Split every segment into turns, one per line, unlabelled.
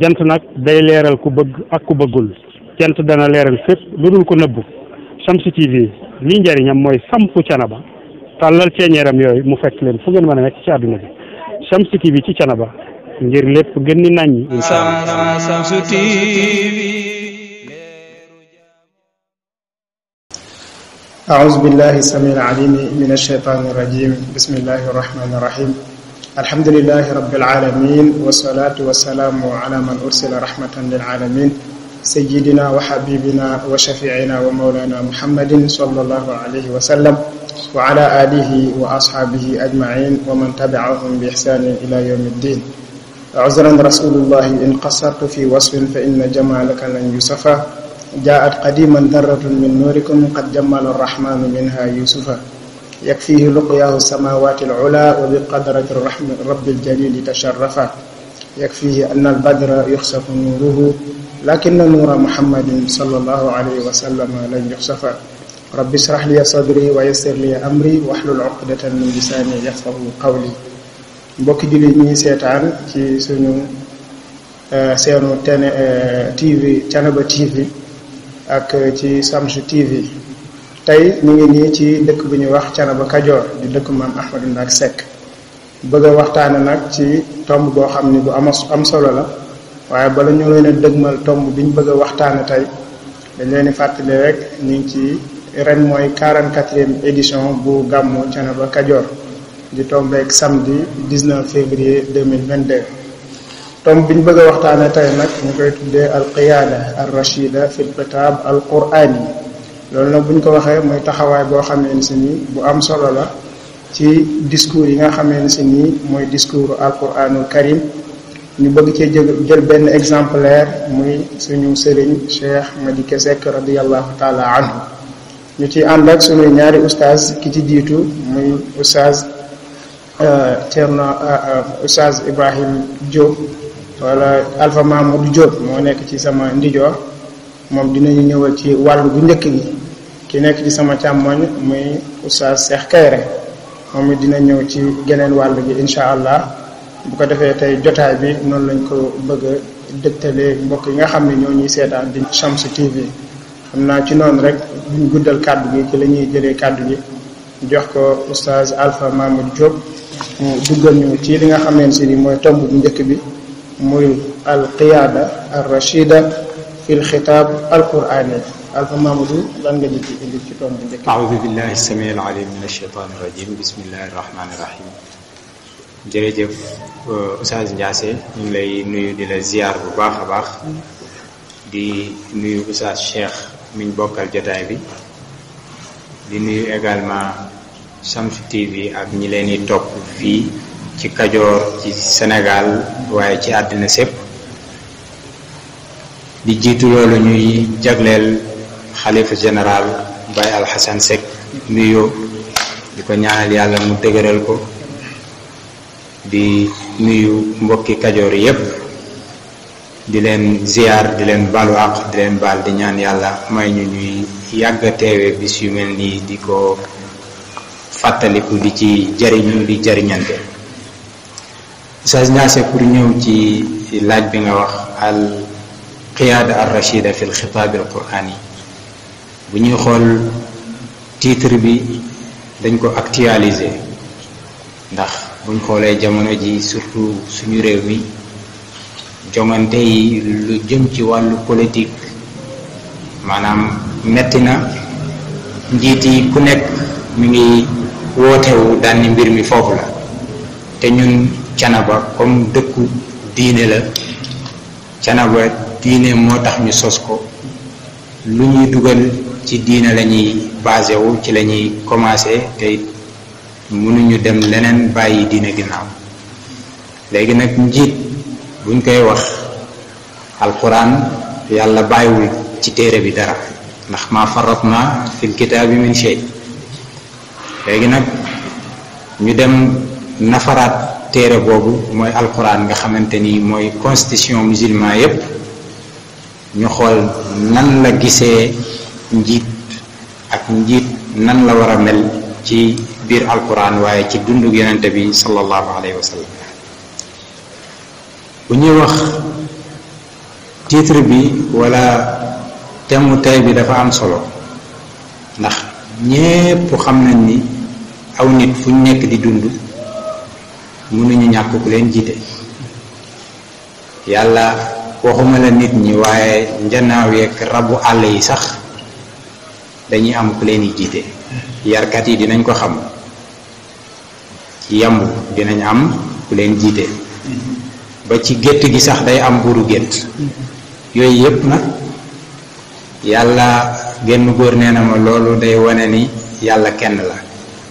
jant nag
day leeral ku bëgg ak ku bëggul jant dana leeral fépp lu dul ko nëbbu Shamsu TV lii njëriñam mooy sampu canaba tàllal ceeñeeram yooyu mu fekk leen fu ngeen mën a nekk ci àdduna bi Shamsu TV ci canaba ngir lépp gën ni naññ
Shamsu TV أعوذ بالله السميع العليم من الشيطان الرجيم بسم الله الرحمن الرحيم الحمد لله رب العالمين والصلاة والسلام على من أرسل رحمة للعالمين سيدنا وحبيبنا وشفيعنا ومولانا محمد صلى الله عليه وسلم وعلى آله وأصحابه أجمعين ومن تبعهم بإحسان إلى يوم الدين
عذرا رسول
الله إن قصرت في وصف فإن جمالك لن يصفى جاءت قديما ذرة من نوركم قد جمل الرحمن منها يوسفا يكفيه لقياه السماوات العلا وبقدرة الرحم الرب الجليل تشرفا يكفيه أن البدر يخسف نوره لكن نور محمد صلى الله عليه وسلم لن يخسف رب اشرح لي صدري ويسر لي أمري واحلل عقدة من لساني يفقه قولي mbokki julli ñi seetaan ci سنو seenu tene TV Thiénaba TV ak ci تي في tey ñu ngi nii ci dëkk bi ñuy wax Canaba Kajoor di dëkk maam Ahmadou Ndack Seck bëgg a waxtaane nag ci tomb boo xam ni bu am am solo la waaye bala ñu leen dëgmal tomb bi ñu bëgg a waxtaane tey dañ leen di fàttali rek ñu ngi ci ren mooy 44e édition bu gàmmu Canaba Kajoor di tombeek samedi 19 février 2022 tomb bi ñu bëgg a waxtaane tey nag ñu koy tuddee al qiyaada al rachida fil kitaab al quraan loolu nag bu ñu ko waxee mooy taxawaay boo xamee ne si nii bu am solo la ci discours yi nga xamee ne si nii mooy discours alquranul karim ñu bëgg cee jël jël benn exemplaire muy suñu sëriñ Cheikh Madike Seck radiallahu taala anhu ñu ci ànd ak suñuy ñaari oustaz ki ci jiitu muy oustaz euh, Thierno oustaz euh, euh, Ibrahim Diop wala Alpha Mamadou Diop moo nekk ci sama ndijoor moom dinañu ñëwal ci wàll bu njëkk gi ki nekk ci sama càmmoñ muy Oustaz Cheikh Kayre moom it dina ñëw ci geneen wàll bi incha allah bu ko defee tey jotaay bi noonu lañ ko bëgg a dëgtalee mbokk yi nga xam ne ñoo ñuy seetaan di Shamsu TV xam naa ci noonu rek buñ guddal kàddu gi ci lañuy ñuy jëlee kàddu gi jox ko Oustaz Alpha Mahmoud Diop mu duggal ñu ci li nga xam ne si mooy tomb bu njëkk bi muy al qiyaada al rachida fi xitaab al quraani أعوذ بالله السميع
العليم من الشيطان الرجيم بسم الله الرحمن الرحيم جريجف أستاذ جاسي من لي نيو دي لزيار بباخ باخ دي نيو أستاذ شيخ من بوك الجتاي بي دي نيو أغال ما شمس تي في أب نيليني توب في تي كاجور تي سنغال واي تي أدنسيب di jitu lolou ñuy xalifa général Baye Alxasan Seck nuyoo di ko ñaanal yàlla mu dëgëral ko di nuyu mbokki kajoor yépp di leen ziar di leen balu di leen baal di ñaan yàlla may ñu ñuy yàgga teewe bis yu mel nii di ko fàttaliku di ci jariñu di jariñante Oustaz Niasse pour ñëw ci laaj bi nga wax al qiyaada ar rachida fi al xitaab al quraan bu ñuy xool titre bi dañ ko actualiser ndax buñ xoolee jamono ji surtout suñu réew mi jongante yi lu jëm ci wàllu politique maanaam metti na njiit yi ku nekk mu ngi wootewu daan mbir mi foofu la te ñun canaba comme dëkku diine la canaba diine moo tax ñu sos ko lu ñuy dugal ci diine la ñuy basé wu ci la ñuy commencé te mënuñu dem leneen bàyyi diine ginnaaw léegi nag njiit buñ koy wax alquran yàlla bàyyiwul ci téere bi dara ndax ma na fil kitaabi min shay léegi nag ñu dem nafaraat téere boobu mooy alquran nga xamante ni mooy constitution musulman yépp ñu xool nan la gisee njiit ak njiit nan la war a mel ci biir alquran waaye ci dundug yonente bi sallallahu alayhi wa sallam bu ñuy wax titre bi wala temu tey bi dafa am solo ndax ñépp xam nañ ni aw nit fu nekk di dund mënuñu ñàkk ku leen jiite yàlla waxuma la nit ñi waaye njanaaw yeeg rabu àll yi sax dañuy am ku leen jiite yarkat yi dinañ ko xam ci yamb dinañ am ku leen jiite ba ci gett gi sax day am buru gett yooyu yépp nag yàlla genn góor nee na ma loolu day wane ni yàlla kenn la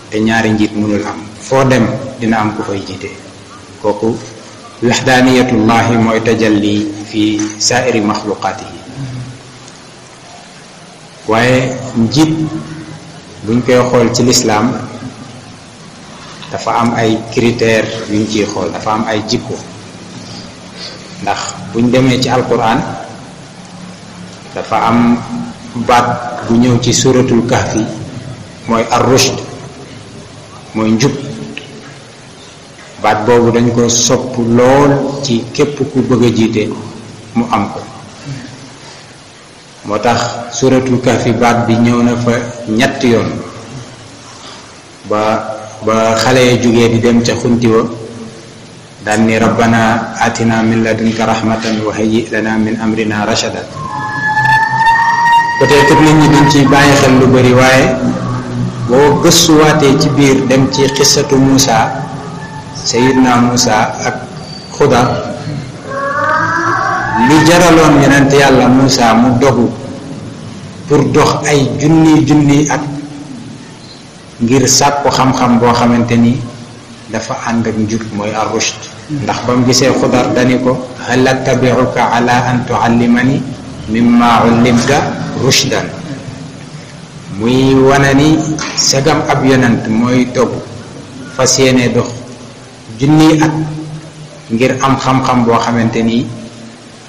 te ñaari njiit mënul am foo dem dina am ku fay jiite kooku wahdaniyatullahi mooy tajalli fi saa'iri maxluqaatihi waaye njiit buñ koy xool ci lislaam dafa am ay critères yuñ ciy xool dafa am ay jikko ndax buñ demee ci alquran dafa am baat bu ñëw ci suratul kahfi mooy ar-rushd mooy njut baat boobu dañ ko sopp lool ci képp ku bëgg a jiite mu am ko motax suratu kafi baat bi ñew na fa ñetti yoon ba ba xalé ya di dem ci xunti wa dal ni rabbana atina min ladunka rahmatan wa hayyi lana min amrina rashada peut-être nit ñi duñ ci baye xel lu waye bo gessu waté ci biir dem ci xissatu musa sayyidna musa ak Xuda
li jaraloon yonent yàlla
Moussa mu dogu pour dox ay junni junni at ngir sàkku xam-xam boo xamante ni dafa ànd ak njub mooy ar ndax ba gisee ko hal attabi'uka ala rushdan muy wane ni segam ab yonent mooy dogu fa yéene dox junni at ngir am xam-xam boo xamante ni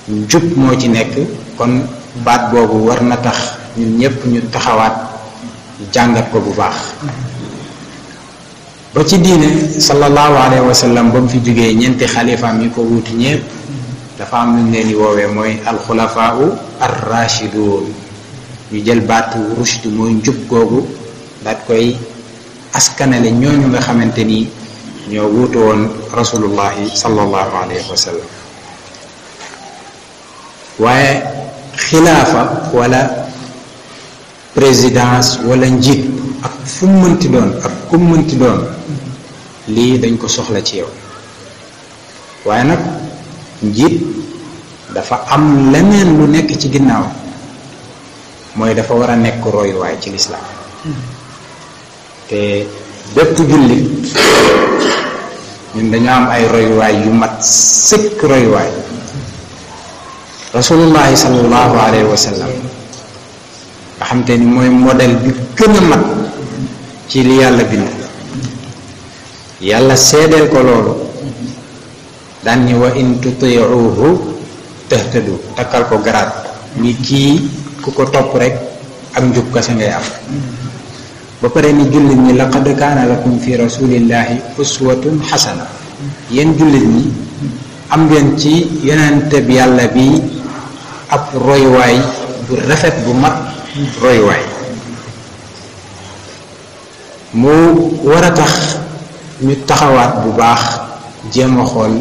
njub moo ci nekk kon baat boobu war na tax ñu ñëpp ñu taxawaat jàngat ko bu baax ba ci diine sallallahu alayhi wa sallam ba mu fi jógee ñeenti xalifaam yi ko wuuti ñëpp dafa am luñ leen di woowee mooy alxulafaau arrachidoon ñu jël baatu rushd mooy njub googu daat koy askanale ñooñu nga xamante ni ñoo wuutu woon rasulullahi sallallahu alayhi wa waaye xilaafa wala présidence wala njiit ak fu mënti doon ak ku mënti doon lii dañ ko soxla ci yow waaye nag njiit dafa am leneen lu nekk ci ginnaaw mooy dafa war a nekk royuwaay ci lislaam te bépp jullit ñun dañoo am ay royuwaay yu mat sëkk royuwaay rasulullah sallallahu alaihi wasallam nga xamanteni moy model bi gëna a mag ci li yalla bind yalla sédel ko lolu dan ni wa in tutiuhu tahtadu takal ko garat ni ki ku ko rek am njub ngay am ba pare ni ni laqad kana lakum fi rasulillahi uswatun hasana yen jullit ni am ngeen ci yonente bi yalla bi ab royuwaay bu rafet bu mag royuwaay mu war a tax ñu taxawaat bu baax jéem a xool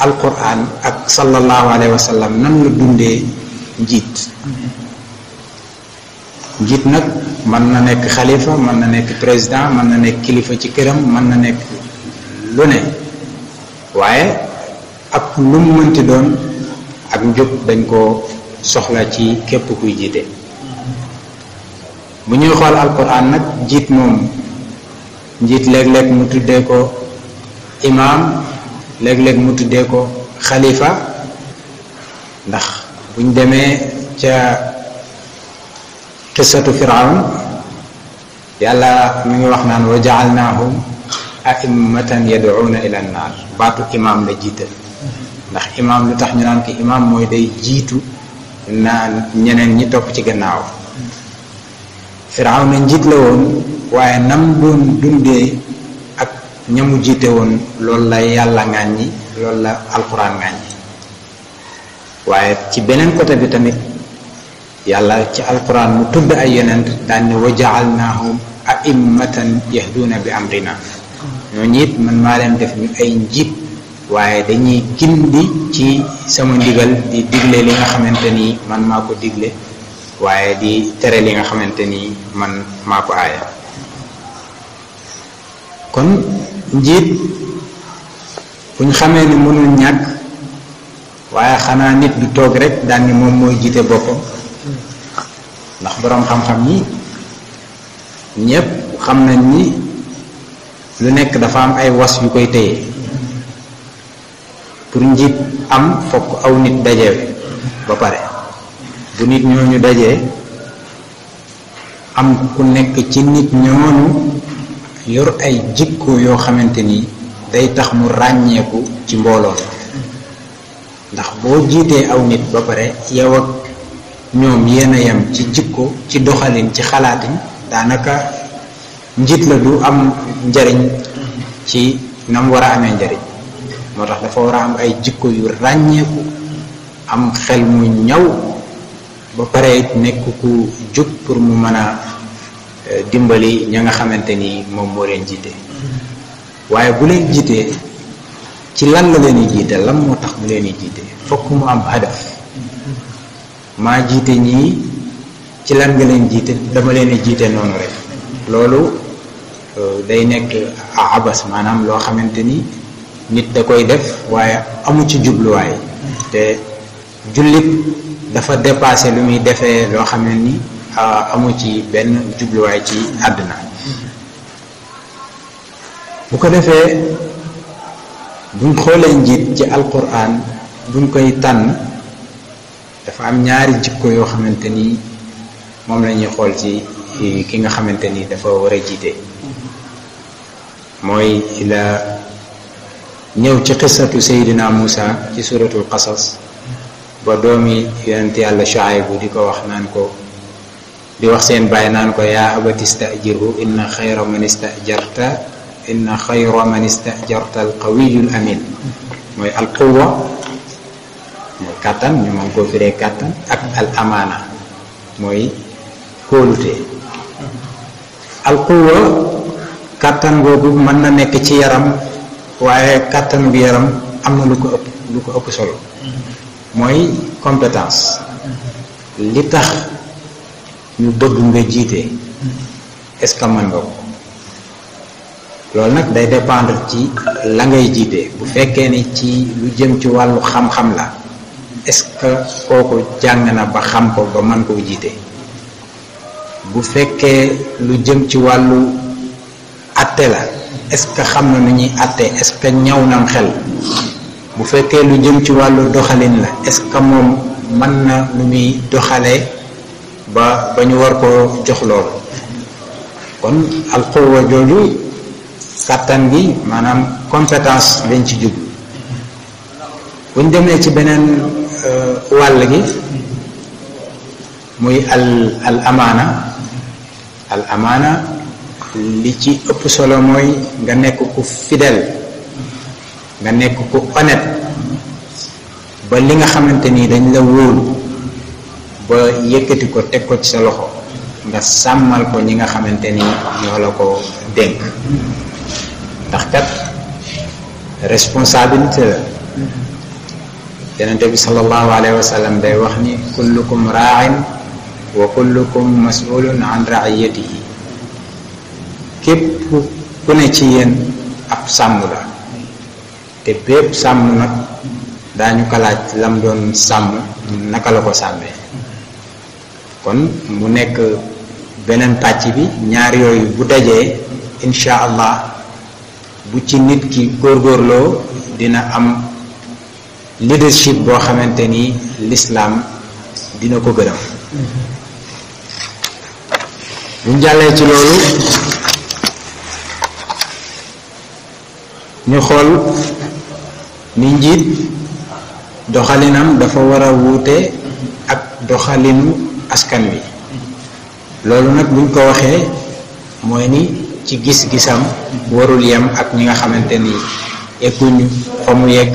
alquran ak sallallahu alayhi wa sallam nan la dundee njiit njiit nag mën na nekk xalifa mën na nekk président mën na nekk kilifa ci këram mën na nekk lu ne waaye ak lu mu mënti doon ak njub dañ ko soxla ci képp kuy jiite bu ñuy xool alquran nag jiit moom njiit léeg-léeg mu tuddee ko imaam léeg-léeg mu tuddee ko xalifa ndax buñ demee ca qissatu firawn yàlla mi ngi wax naan woo jaalnaahum aimmatan yaduuna ila annaar baatu imaam la jiital ndax imaam lu tax ñu naan ki imaam mooy day jiitu naan ñeneen ñi topp ci gannaaw Firawna njiit la woon waaye nam doon dundee ak ñamu jiite woon loolu la yàlla ŋàññi loolu la alxuraan ŋàññi waaye ci beneen côté bi tamit yàlla ci alxuraan mu tudd ay yonent daan ne wa jaalnaahum aimmatan yahduuna bi amrina ñooñu it man maa leen def ñu ay njiit waaye dañuy gindi ci sama ndigal di digle li nga xamante ni man maa ko digle waaye di tere li nga xamante ni man maa ko aaya kon njiit bu ñu xamee ni mënul ñàkk waaye xanaa nit du toog rek daan moom mooy jiite boppam ndax boroom xam-xam yi ñépp xam nañ ni lu nekk dafa am ay was yu koy téye pour njiit am fokk aw nit daje ba pare bu nit ñooñu dajee am ku nekk ci nit ñooñu yor ay jikko yoo xamante ni day tax mu ràññeeku ci mbooloo ndax boo jiitee aw nit ba pare yow ak ñoom yéen yam ci jikko ci doxalin ci xalaatin daanaka njiit la du am njariñ ci nam war a amee njariñ moo tax dafa war a am ay jikko yu ràññeeku am xel mu ñaw ba pare it nekk ku jub pour mu mën a eh, dimbali ña nga xamante ni moom moo leen jiite waaye bu leen jiitee ci lan la leen di jiite lan moo tax mu leen di jiite fokk mu am hadaf maa jiite ñii ci lan nga leen jiite dama leen di jiite noonu rek loolu eh, day nekk abas maanaam loo xamante ni nit da koy def waaye amu ci jubluwaay te jullit dafa dépassé lu muy defee loo xam ne ni amu ci benn jubluwaay ci àdduna bu ko defee buñ xoolee njiit ci alquran buñ koy tànn dafa am ñaari jikko yoo xamante ni moom lañuy xool ci eh, ki nga xamante ni dafa war a jiite mm-hmm. mooy la ñëw ci xisatu Seydina Muusa ci suratul qasas ba doomi yonent yàlla Shuaybu di ko wax naan ko di wax seen bàyyi naan ko yaa abati stajirhu inna xayra man istajarta inna xayra man istajarta alqawiyul amin mooy alquwa mooy kàttan ñu mën koo firee kàttan ak al amaana mooy kóolute alquwa kàttan googu mën na nekk ci yaram waaye katan bi yaram am na lu ko ëpp lu ko ëpp solo mooy compétence li tax ñu bëgg nga jiite est-ce que mën nga ko loolu nag day dépendre ci la ngay jiite bu fekkee ni ci lu jëm ci wàllu xam-xam la est-ce que kooku jàng na ba xam ko ba mën koo jiite bu fekkee lu jëm ci wàllu atte la est-ce que xam na nu ñuy àttee est-ce que ñaw nam xel bu fekkee lu jëm ci wàllu doxalin la est-ce que moom mën na nu muy doxalee ba ba ñu war ko jox kon kon alxuwa jooju kàttan gi maanaam compétence lañ ci jub buñ demee ci beneen euh, wàll gi muy al al amaana al amaana li ci ëpp solo mooy nga nekk ku fidèle nga nekk ku honnête ba li nga xamante ni dañ la wóolu ba yëkkati ko teg ko ci sa loxo nga sàmmal ko ñi nga xamante ni ñoo la ko dénk ndax kat responsabilité la yonente bi salallahu alayhi day wax ni kullukum raa'in wa kullukum mas'ulun an ra'iyatihi képp ku ne ci yéen ab sàmm la te bépp sàmm nag daañu ko laaj lam doon sàmm naka la ko sàmmee kon mu nekk beneen pàcc bi ñaar yooyu bu dajee incha allah bu ci nit ki góorgóorloo dina am leadership boo xamante ni lislaam dina ko gërëm bu jàllee ci loolu ñu xool ni njiit doxalinam dafa war a wuute ak doxalinu askan wi loolu nag buñ ko waxee mooy ni ci gis-gisam warul yem ak ñi nga xamante ni yegguñu fa mu yegg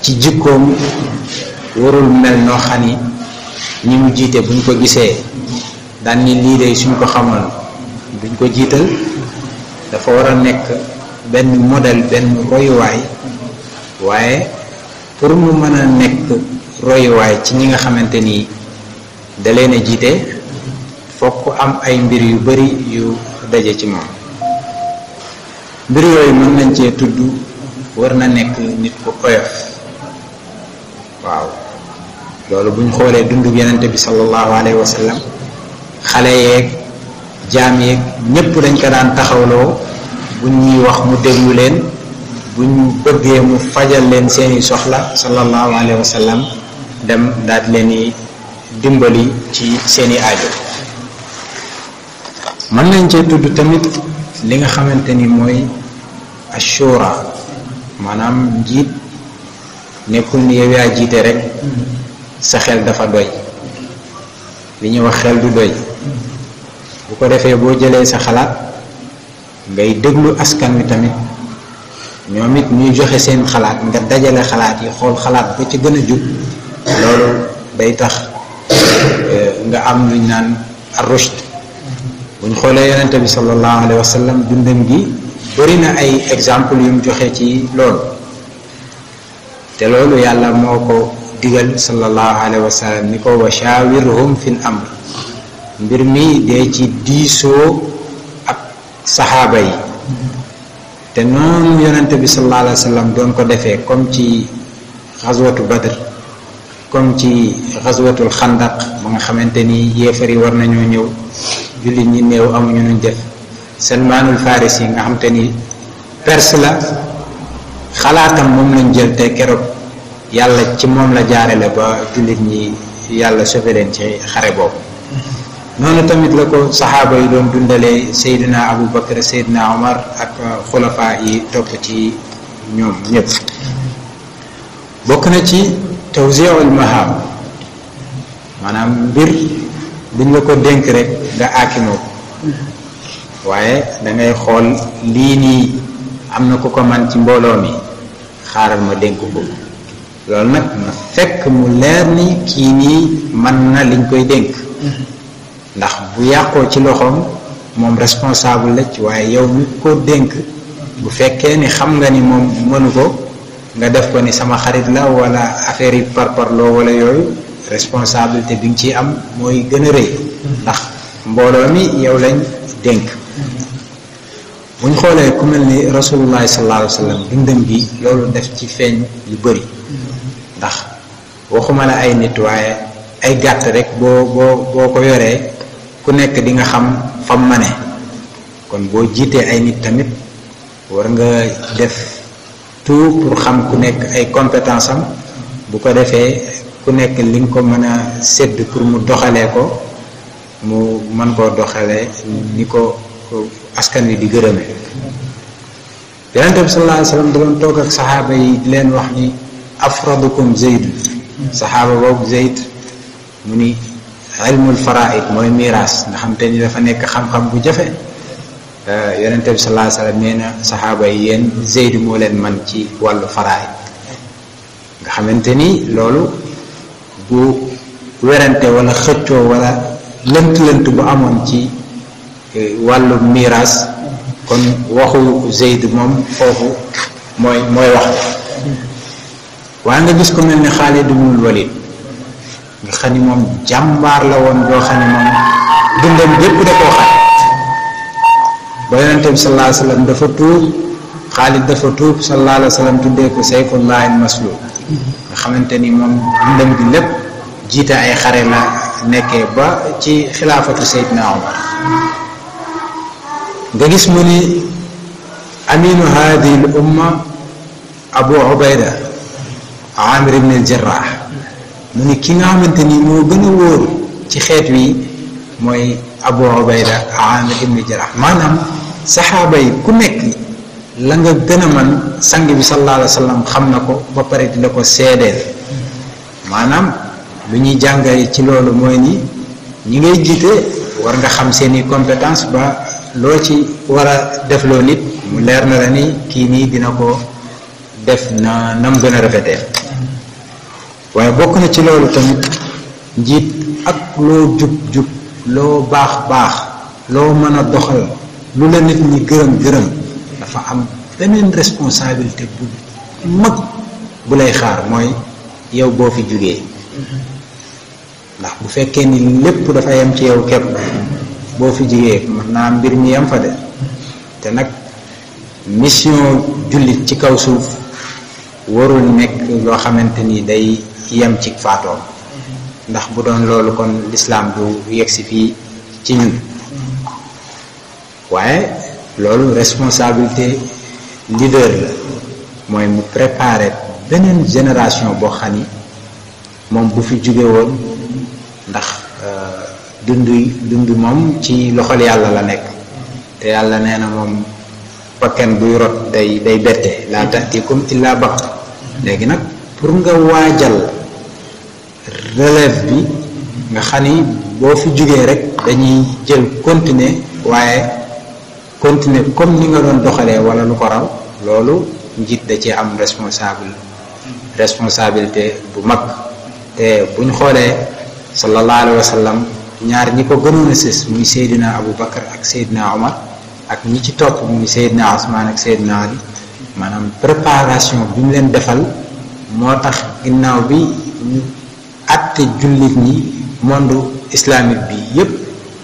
ci jikkoom warul mel noo xam ni ñi mu jiite buñ ko gisee daan ni lii de suñ ko xamoon duñ ko jiital dafa war a nekk benn model benn royuwaay waaye pour mu mën a nekk royuwaay ci ñi nga xamante ni da leen jiite fokk am ay mbir yu bari yu daje ci moom mbir yooyu mën nañ cee tudd war na nekk nit ku oyof waaw loolu buñ xoolee dundub yenente bi sallallahu alayhi wa xale yeeg jaam yeeg ñépp dañ ko daan taxawloo Bunyi ñuy wax mu déglu leen bu bëggee mu fajal leen seeni soxla sallallahu alayhi wa sallam dem daal leen dimbali ci seeni aajo man lañ cee tudd tamit li nga xamante ni mooy ashura maanaam njiit nekkul ni yow yaa rek sa xel dafa doy li ñuy wax xel du doy bu ko defee boo jëlee sa xalaat ngay déglu askan wi tamit ñoom it ñuy joxe seen xalaat nga dajale xalaat yi xool xalaat ba ci gën a jub loolu day tax euh, nga am luñ naan rushd buñ xoolee yonente bi sallallahu alayhi wa sallam dundam gi bëri na ay exemple yu mu joxe ci loolu te loolu yàlla moo ko digal sallallahu alayhi wa ni ko wa shawirhum fil amr mbir mi dee ci diisoo saxaaba yi te noonu yonente bi sallallahu alayhi wa doon ko defee comme ci xaswatu badr comme ci xaswatul xandaq ba nga xamante ni yéefar yi war nañoo ñëw jullit ñi néew amuñu nuñ def Salmaanul Faris yi nga xamante ni perse la xalaatam moom lañ jël te keroog yàlla ci moom la jaare la ba jullit ñi yàlla sauvé leen ci xare boobu noonu tamit la ko saxaaba yi doon dundalee Seydina Aboubacar Seydina Omar ak uh, xulafaa yi topp ci ñoom ñëpp bokk na ci tawziul maham maanaam mbir buñ la ko dénk rekk nga aakimoo waaye dangay xool lii nii am na ku ko man ci mbooloo mi xaaral ma dénk ko loolu nag na fekk mu leer ni kii nii man na liñ koy dénk ndax bu yàqoo ci loxoom moom responsable la ci waaye yow mi ko dénk bu fekkee ni xam nga ni moom mënu ko nga def ko ni sama xarit la wala affaire yi parparloo wala yooyu responsabilité bi nga ciy am mooy gën a rëy ndax mbooloo mi yow lañ dénk buñ xoolee ku mel ni rasulullahi sallallahu alayhi wa sallam gi loolu def ci feeñ lu bari ndax waxuma la ay nit waaye ay gàtt rek boo boo boo ko yoree ku nekk dinga xam fam ma ne kon boo jiitee ay nit tamit war nga def tout pour xam ku nekk ay compétence am bu ko defee ku nekk li nga ko mën a sedd pour mu doxalee ko mu mën koo doxalee ni ko askan wi di gërëme yonente bi saxaaba yi di leen wax ni afradukum zeyd saxaaba boobu zeyd mu ni علم الفرائض موي ميراث دا خامتي ني دا فا نيك خام خام بو جافه ا آه، يونت بي صلى الله عليه وسلم نينا صحابه يين زيد مو لين مان تي والو فرائض دا خامتي ني لولو بو ويرانتي ولا خيتو ولا لنت لنت بو امون تي آه، والو ميراث كون واخو زيد موم فوفو موي موي واخ وانا جيس كو ملني خالد بن nga xam ni moom jàmbaar la woon boo xam ni moom dundam yépp da koo xat ba yonente bi sallallahu alayhi wasallam dafa tuub xaalid dafa tuub sallallahu alayhi wasallam tuddee ko sayfullahi maslul nga xamante ni moom dundam bi lépp jiite ay xare la nekkee ba ci xilaafatu sayidna omar nga gis mu ni aminu hadihi al umma abu ubayda amir ibn al jarrah mu ni ki nga xamante ni moo gën a wóor ci xeet wi mooy Abu Ubayda Amir ibn Jarrah maanaam saxaaba yi ku nekk la nga gën a man sang bi sallallahu alayhi wa xam na ko ba pare di la ko seedeel maanaam lu ñuy jàngale ci loolu mooy nii ñi ngay jiite war nga xam seeni compétence ba loo ci war a defloo nit mu leer na la ni kii nii dina ko def na nam gën a rafetee waaye bokk na ci loolu tamit njiit ak loo jub jub loo baax baax loo mën a doxal lu la nit ñi gërëm gërëm dafa am beneen responsabilité bu mag bu lay xaar mooy yow boo fi jugee ndax bu fekkee ni lépp dafa yem ci yow képp boo fi jugee mën naa mbir mi yem fa de te nag mission jullit ci kaw suuf warul nekk loo xamante ni day yem ci faatoom ndax bu doon loolu kon lislaam du yegsi fii ci ñun waaye loolu responsabilité leader la mooy mu préparer beneen génération boo xam ni moom bu fi jóge woon ndax euh, dund dund moom ci loxol yàlla la nekk te yàlla nee na moom kenn buy rot day day bette laa tax tiikum illaa baq léegi nag pour nga waajal relève bi nga xam ni boo fi jógee rek dañuy jël continuer waaye continuer comme ni nga doon doxalee wala lu ko raw loolu njiit da ci am responsable responsabilité bu mag te buñ xoolee sallallahu alayhi wa sallam ñaar ñi ko gënoon a sës muy Seydina Abu Bakar ak Seydina Omar ak ñi ci topp mu Seydina Osman ak Seydina Ali maanaam préparation bi mu leen defal moo tax ginnaaw bi atte jullit ñi monde islamique bi yépp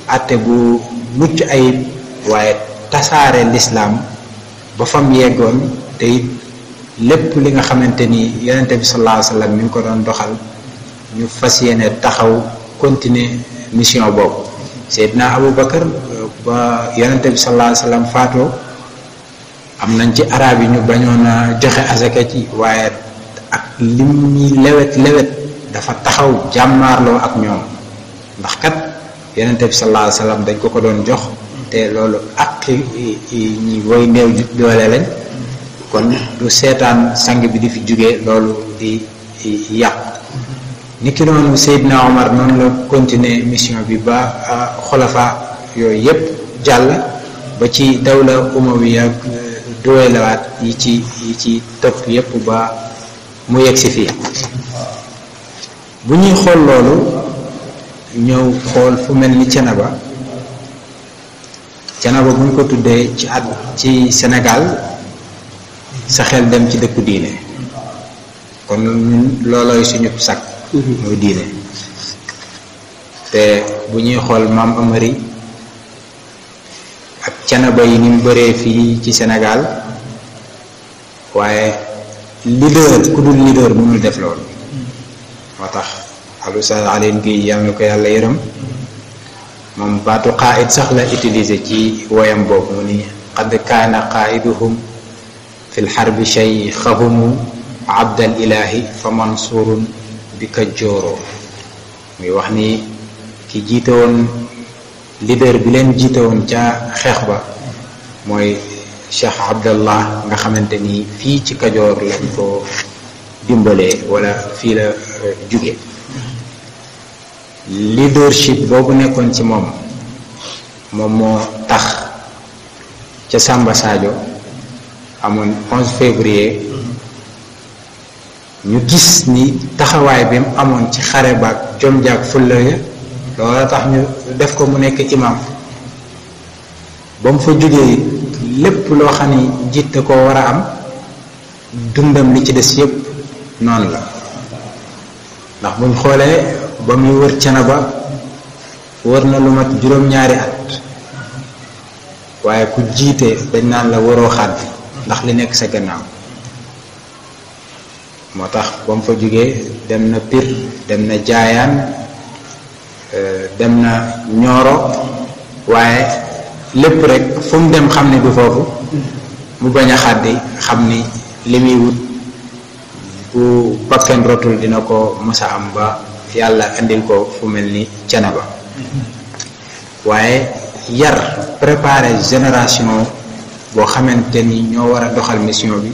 atte bu mucc ay waaye tasaare lislaam ba fam yeggoon te it lépp li nga xamante ni yonente bi sallallahu alayhi wa sallam ko doon doxal ñu fas yéene taxaw continuer mission boobu Seydina Abu Bakar euh, ba yonente bi sallallahu alayhi faatoo am nañ ci arab yi ñu bañoon a joxe asaka ci waaye ak lim ñi lewet lewet dafa taxaw jàmmaarloo ak ñoom ndax kat yonent bi sallallahu alayhi dañ ko ko doon jox te loolu ak ñi woy néew doole lañ kon du seetaan sang bi di fi jóge loolu di yàq ni ki noonu Seydina Omar noonu la continuer mission bi ba xulafa yooyu yëpp jàll ba ci dawla umawiya doyelawaat yi ci yi ci topp yëpp ba mu yegg si fii bu ñuy xool loolu ñëw xool fu mel ni Thiénaba Thiénaba bu ñu ko tuddee ci at ci Sénégal sa xel dem ci dëkku diine kon loolooy suñu sakk mhm. muy te bu ñuy xool maam Amari ak Thiénaba yi ni bëree fii ci Sénégal waaye leader ku dul leader mënul def loolu moo tax alu sa Alioune Guèye yal na ko yàlla yërëm moom baatu qaa'id sax la utilise ci woyam boobu mu ni qad kaana qaa'iduhum fi lxarbi shaykhahumu abdal ilahi fa mansurun bi ka jooroo muy wax ni ki jiite woon leader bi leen jiite woon ca xeex ba mooy cheikh abdallah nga xamante ni fii ci kajoor lañ ko dimbalee wala fii la euh, jóge leadership boobu nekkoon ci moom moom moo tax ca sàmba Sadio amoon 11 février mm-hmm. ñu gis ni taxawaay bi mu amoon ci xare baag jom jaag fulla ya loola tax ñu def ko mu nekk imam ba mu fa jógee lépp loo xam ni jiit ko war a am dundam li ci des yépp noonu la ndax buñ xoolee ba muy wër canaba wër na lu mat juróom-ñaari at waaye ku jiite dañ naan la waroo xàdd ndax li nekk sa gannaaw moo tax ba mu fa jógee dem na piir dem na jaayaan euh, dem na ñooro waaye lépp rek fu mu dem xam ne du foofu mu bañ a xàddi xam ni li muy wut bu bakkan rotul dina ko mos am ba yàlla indil ko fu mel ni cene waaye yar préparer génération boo xamante ni ñoo war a doxal mission bi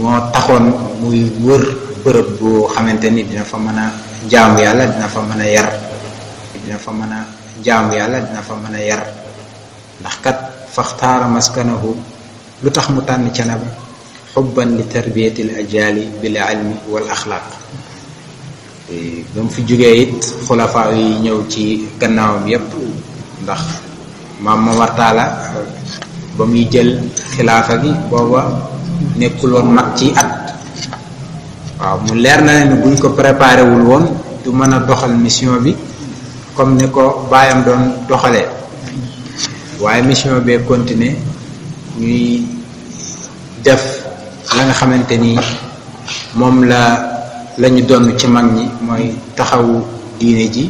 moo taxoon muy wër bërëb boo xamante ni dina fa mën a jaamu yàlla dina fa mën a yar dina fa mën a jaamu yàlla dina fa mën a yar ndax kat faxtaara maskanahu lu tax mu tànn cene حبا لتربية الأجيال بالعلم والأخلاق ba mu fi jógee it xulafaa yi ñëw ci gannaawam yépp ndax maam ma wartaala ba muy jël xilaafa gi booba nekkul woon mag ci at waaw mu leer na ne buñ ko préparé wul woon du mën a doxal mission bi comme ni ko baayam doon doxalee waaye mission bee continuer ñuy def la nga xamante ni moom la lañu donn ci mag ñi mooy taxawu diine ji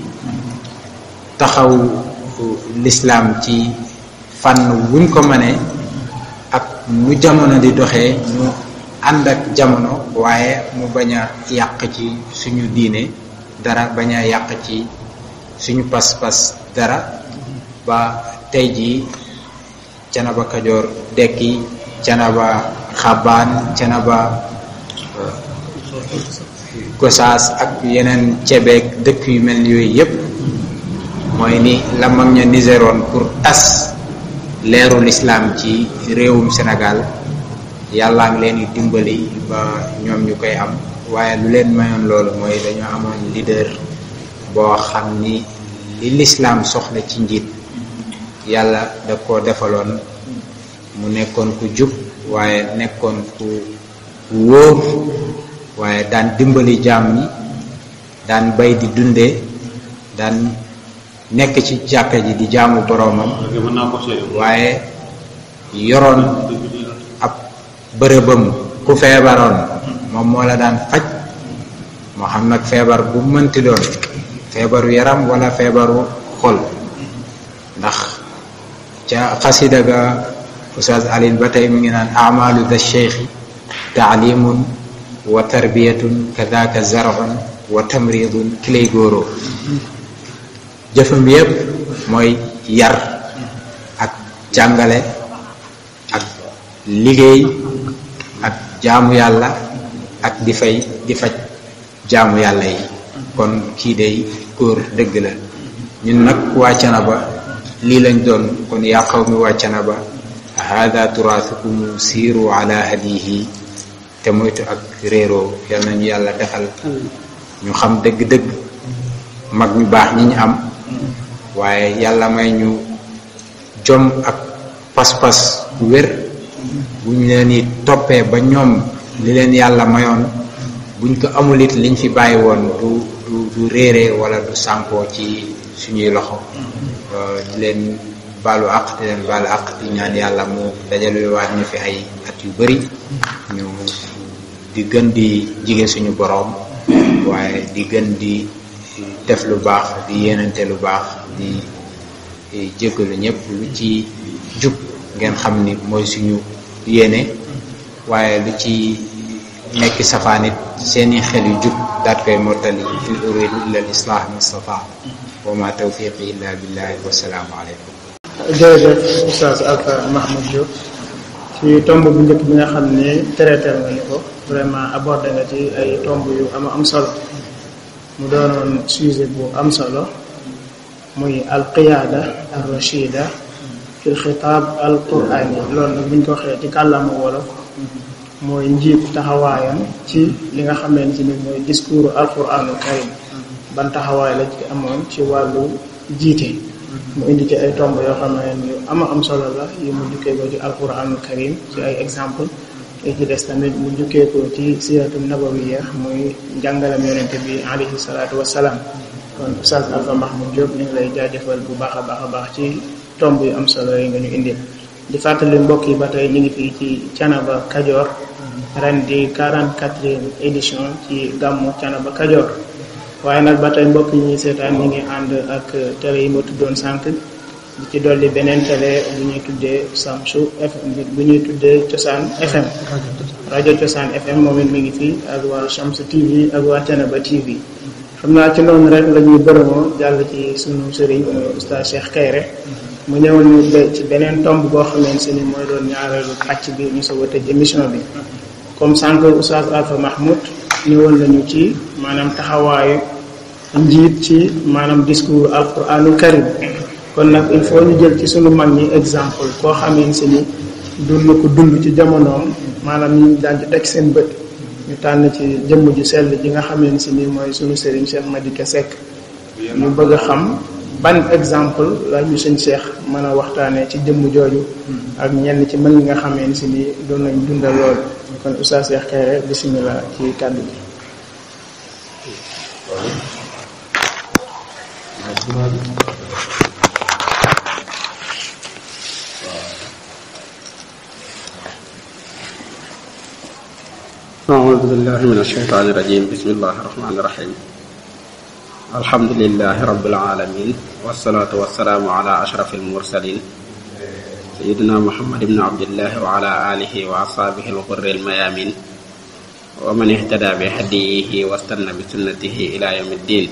taxawu uh, lislaam ci fànn wuñ ko mënee ak mu jamono di doxee ñu ànd ak jamono waaye mu bañ a yàq ci suñu diine dara bañ a yàq ci suñu pas-pas dara ba tey jii Thiénaba Kajoor dekki Thiénaba chenaba canaba gosaas ak yenen cebeeg dekk yu mel yoy yep moy ni lamam ñu ña pour tas leru l'islam ci rewum senegal yalla ngi leni dimbali ba ñom ñukay am waye lu len mayon lool moy dañu amon leader bo xamni ni li l'islam soxla ci njit yalla da ko defalon mu nekkon ku jup waaye nekkoon ku wóor waaye daan dimbali jaam ñi daan bay di dundee daan nekk ci jàkka ji di jaamu boroomam waaye yoroon ab bërëbam ku feebaroon moom moo la daan faj moo xam nag feebar bu mënti doon feebaru yaram walla feebaru xol ndax ca xasida ga Oustaz Alioune ba tey mi ngi naan amalu da cheikhi taalimun wa tarbiyatun kadaka zar'un wa tamridun ki góoroo jëfam yépp mooy yar ak jàngale ak liggéey ak jaamu yàlla ak di di faj jaamu yàlla yi kon kii day góor dëgg la ñun nag wàccana ba lii lañ doon kon yaa xaw wàccana ba hada turaasukum siiru ala hadihi te moytu ak réeroo yal nañu yàlla defal ñu xam dëgg-dëgg mag ñu baax ñi ñu am waaye yàlla may ñu jom ak pas-pas bu wér bu ñu leen i toppee ba ñoom li leen yàlla mayoon buñ ko amul it liñ fi bàyyi woon du du du réere wala du sànkoo ci suñuy loxo di leen baalu àq di leen baalu àq di ñaan yàlla mu dajale waat ñu fi ay at yu bëri ñu di gën di jige suñu boroom waaye di gën di def lu baax di yéenante lu baax di jéggalu ñëpp lu ci jub ngeen xam ni mooy suñu yéene waaye lu ci nekk safaanit seeni xel yu jub daat koy mortali in uridu illa al islah mustapha wa ma tawfiqi illa billahi wasalaamu aleykum
jërëjëf oustaz Alpha Mahmoud Diop ci tomb bu njëkk bi nga xam ne traité nga ñu ko vraiment abordé nga ci ay tomb yu am am solo mu doonoon sujet bu am solo muy alqiyaada al rachida fi xitaab al quraan yi loolu nag bu ko waxee ci kàllaama wolof mooy njiit taxawaayam ci li nga xamante ni mooy discours al quraanu karim ban taxawaay la ci amoon ci wàllu jiite mu indi ci ay tomb yoo xam ne yu ama am solo la mu jukkee ko ci alquranul karim ci ay exemple yi ci des tamit mu jukkee ko ci siratu nabawiya muy njàngalam yonente bi alayhi salaatu wasalaam kon Oustaz Alpha Mahmoud Diop ñu ngi lay jaajëfal bu baax a baax a baax ci tomb yu am solo yi nga ñu indi di fàttali mbokk yi ba tey ñu ngi fii ci Canaba Kajoor ren di quarante-quatrième édition ci gàmmu Canaba Kajoor waaye nag ba tey mbokk yi ñuy seetaan ñu ngi ànd ak télé yi ma tuddoon sànq di ci dolli beneen télé bu ñuy tuddee Samsu FM bu ñuy tuddee Cosaan FM rajo Cosaan FM moom mi ngi fii ak waa Shamsu TV ak waa Thiénaba TV xam naa ci noonu rek la ñuy bërëmoo jàll ci suñu sëriñ oustaz Cheikh Kayre mu ñëwal ñu ci beneen tomb boo xamee si ni mooy doon ñaareelu pàcc bi ñu soog a tëj émission bi comme sànq oustaz Alpha Mahmoud ñëwal nañu ci maanaam taxawaayu njiit ci maanaam discours alquraanu karim kon nag il faut ñu jël ci sunu mag ñi exemple koo xamee si ni dund ko dund ci jamonoom maanaam ñi daan ci teg seen bët ñu tànn ci jëmm ju sell ji nga xamee si ni mooy sunu sëriñ ma Madika Seck ñu bëgg a xam ban exemple la ñu sëñ Cheikh mën a waxtaanee ci jëmm jooju ak ñenn ci mën nga xamee si ni doon nañ dundal loolu kon Oustaz Cheikh Kairé bisimilah ci kàddu bi أعوذ بالله
من الشيطان الرجيم بسم الله الرحمن الرحيم الحمد لله رب العالمين والصلاة والسلام على أشرف المرسلين سيدنا محمد بن عبد الله وعلى آله وأصحابه الغر الميامين ومن اهتدى بهديه واستنى بسنته إلى يوم الدين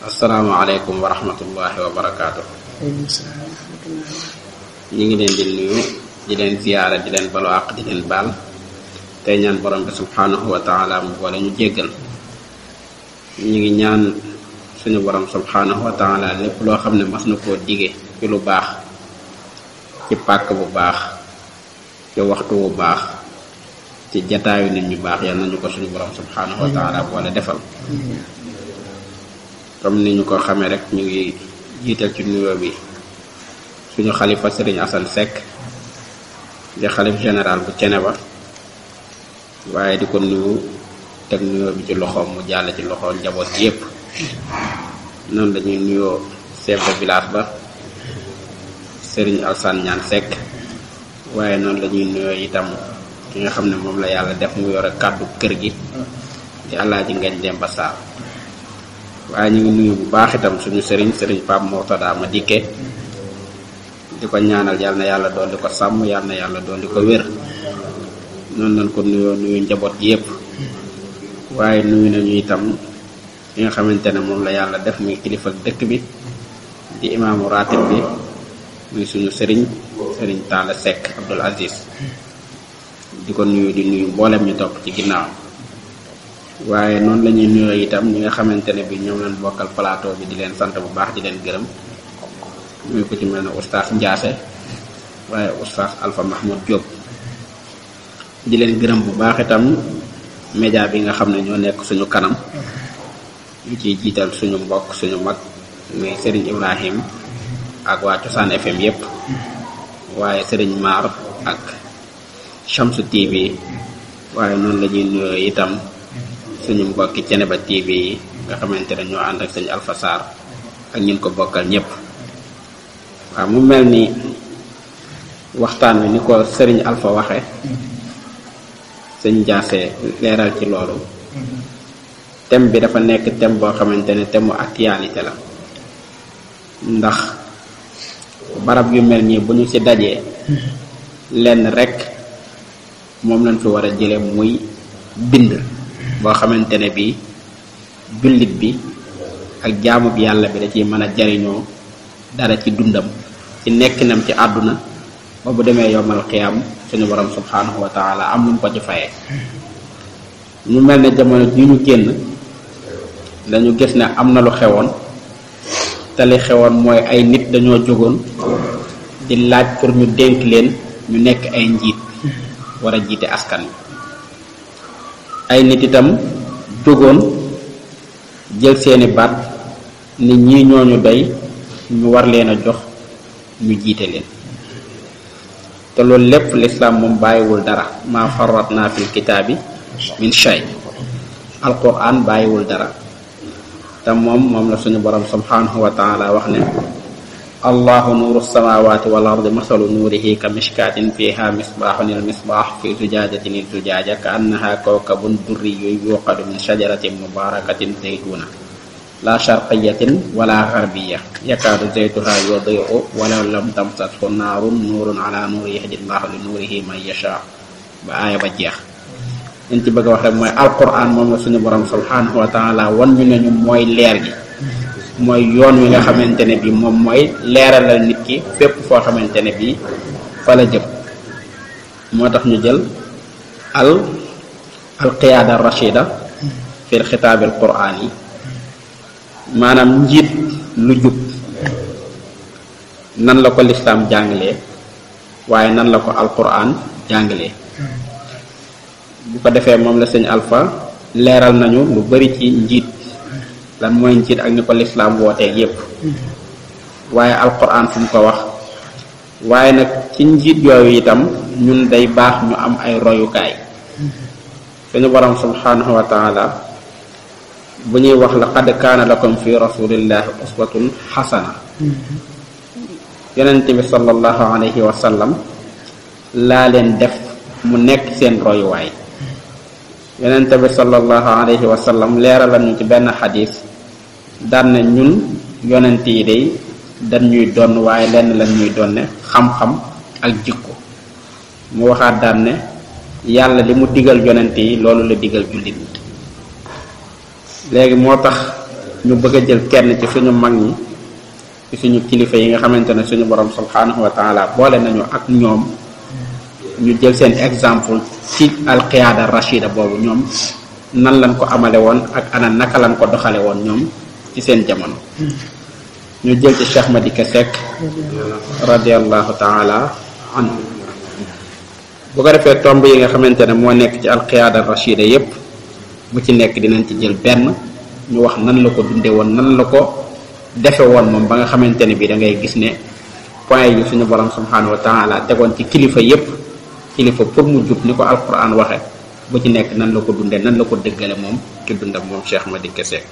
Assalamualaikum warahmatullahi wabarakatuh.
rahmatullahi
ngi leen di nuyu di leen ziyaara di leen balu àq di leen bal tey ñaan borom bi subhanahu wa taala mu boole ñu jéggal ñi ngi ñaan suñu borom subhanahu wa taala lépp loo xam ne mas na koo dige ci lu baax ci pàkk bu baax ci waxtu bu baax ci jataayu nit ñu baax yal nañu ko suñu borom subhanahu wa taala boole defal comme ni ñu ko xamee rek ñu ngi jiital ci nuyoo bi suñu xalifa sëriñ Assane Seck di xalif général bu cene Ceneba waaye di ko nuyu teg nuyoo bi ci loxoom mu jàll ci loxoom njaboot gi yépp noonu lañuy nuyoo chef de village ba sëriñ Alsane Ñaan Seck waaye noonu lañuy ñuy itam ki nga xam ne moom la yàlla def mu yore kàddu kër gi di Alaaji Ngañ Demba Sall waaye ñu ngi nuyu bu baax itam suñu sëriñ sëriñ Pape Mortada ma dikke di ko ñaanal yàlla na yàlla doon di ko sàmm yàlla na yàlla doon di ko wér noonu lañ ko nuyoo nuyu njaboot yépp waaye nuyu nañu itam li nga xamante ne moom la yàlla def muy kilifa dëkk bi di imaamu ratib bi muy suñu sëriñ sëriñ Talla Seck Abdoul Aziz di ko nuyu di nuyu mboolem ñu topp ci ginnaaw waaye noonu la ñuy nuyoo itam ñi nga xamante ne bi ñoom leen bokkal plateau bi di leen sant bu baax di leen gërëm muy ko ci mën ne oustaz Ndiasse waaye oustaz Alpha Mahmoud Diop di leen gërëm bu baax itam média bi nga xam ne ñoo nekk suñu kanam ñu ciy jiital suñu mbokk suñu mag muy Serigne Ibrahim ak waa Cosaan FM yépp waaye sëriñ Maar ak Shamsu TV waaye noonu la ñuy itam suñu mbokki Ceneba TV yi nga xamante ne ñoo ànd ak sëñ Alpha ak ñun ko bokkal ñépp waaw mu mel ni waxtaan wi ni ko sëriñ Alpha waxe sëñ Jaase leeral ci loolu thème bi dafa nekk thème boo xamante ne thème mu actualité la ndax barab yu mel nii bu ñu ci dajee lenn rekk moom lañ fi war a jële muy bind boo xamante ne bi jullit bi ak jaamu yàlla bi da ci mën a jariñoo dara ci dundam ci nekkinam ci àdduna ba bu demee yomal xiyam suñu borom subhanahu wa am lu mu ko ci fayee ñu mel ne jamono ji ñu génn dañu gis ne am na lu xewoon te li xewoon mooy ay nit dañoo jógoon di laaj pour ñu dénk leen ñu nekk ay njiit war a jiite askan wi ay nit itam jógoon jël seeni baat nit ñi ñooñu doy ñu war leen a jox ñu jiite leen te loolu lépp lislaam moom bàyyiwul dara maa farat naa fil kitaabi min shay alquran bàyyiwul dara te moom moom la suñu borom subhanahu wa taala wax ne allahu nuuru samawati wal ardi masalu nuurihi ka mishkaatin fiha misbaaxun il misbaax fi zujaajatin il zujaaja ka annaha kawkabun durriyun yuuqadu min shajaratin mubaarakatin zaytuna la sharqiyatin wala garbiya yakaadu zaytuha yudiu walaw lam tamsashu naarun nuurun ala nuuri yahdi allahu li nuurihi man yasha ba aaya ba jeex liñ ci bëgg a wax rek mooy alquran moom la suñu borom subhanahu wa taala wan ñu ne ñu mooy leer gi mooy yoon wi nga xamante ne bi moom mooy leeral leeralal nit ki fépp foo xamante ne bi fa la jëm moo tax ñu jël al alqiyaada rachida fil xitaabil quraan yi maanaam njiit lu jub nan la ko lislaam jàngalee waaye nan la ko alquran jàngalee bu ko defee moom la sëñ alpha leeral nañu lu bari ci njiit lan mooy njiit ak ni ko lislaam yépp waaye alquran fu mu ko wax waaye nag ci njiit yooyu itam ñun day baax ñu am ay royukaay suñu borom subhanahu wa taala bu ñuy wax la qad kaana lakum fi rasulillah uswatun hasana yonente bi sallallahu alayhi wa sallam laa leen def mu nekk seen royuwaay yonente bi sallallahu alayhi wa sallam leeralam ci benn daan na ñun yonent yi day dañ donn waaye lenn lañ ñuy donne xam-xam ak jikko mu waxaat daan ne yàlla li mu digal yonent yi loolu la digal jullit léegi moo tax ñu bëgg a jël kenn ci suñu mag ñi suñu kilifa yi nga xamante ne suñu borom subhanahu wa taala boole nañu ak ñoom ñu jël seen exemple ci alqiyaada rachida boobu ñoom nan lañ ko amale woon ak ana naka lañ ko doxale woon ñoom ci seen jamono ñu jël ci cheikh madika sek radiyallahu taala an. bu ko defee tomb yi nga xamante ne moo nekk ci alqiyaada rachida yépp bu ci nekk dinañ ci jël benn ñu wax nan la ko dunde woon nan la ko defe woon moom ba nga xamante ne bi da ngay gis ne point yi suñu borom subhanahu wa taala tegoon ci kilifa yépp kilifa pour mu jub ni ko alquran waxe bu ci nekk nan la ko dunde nan la ko dëggale moom ci dundam moom cheikh madika sek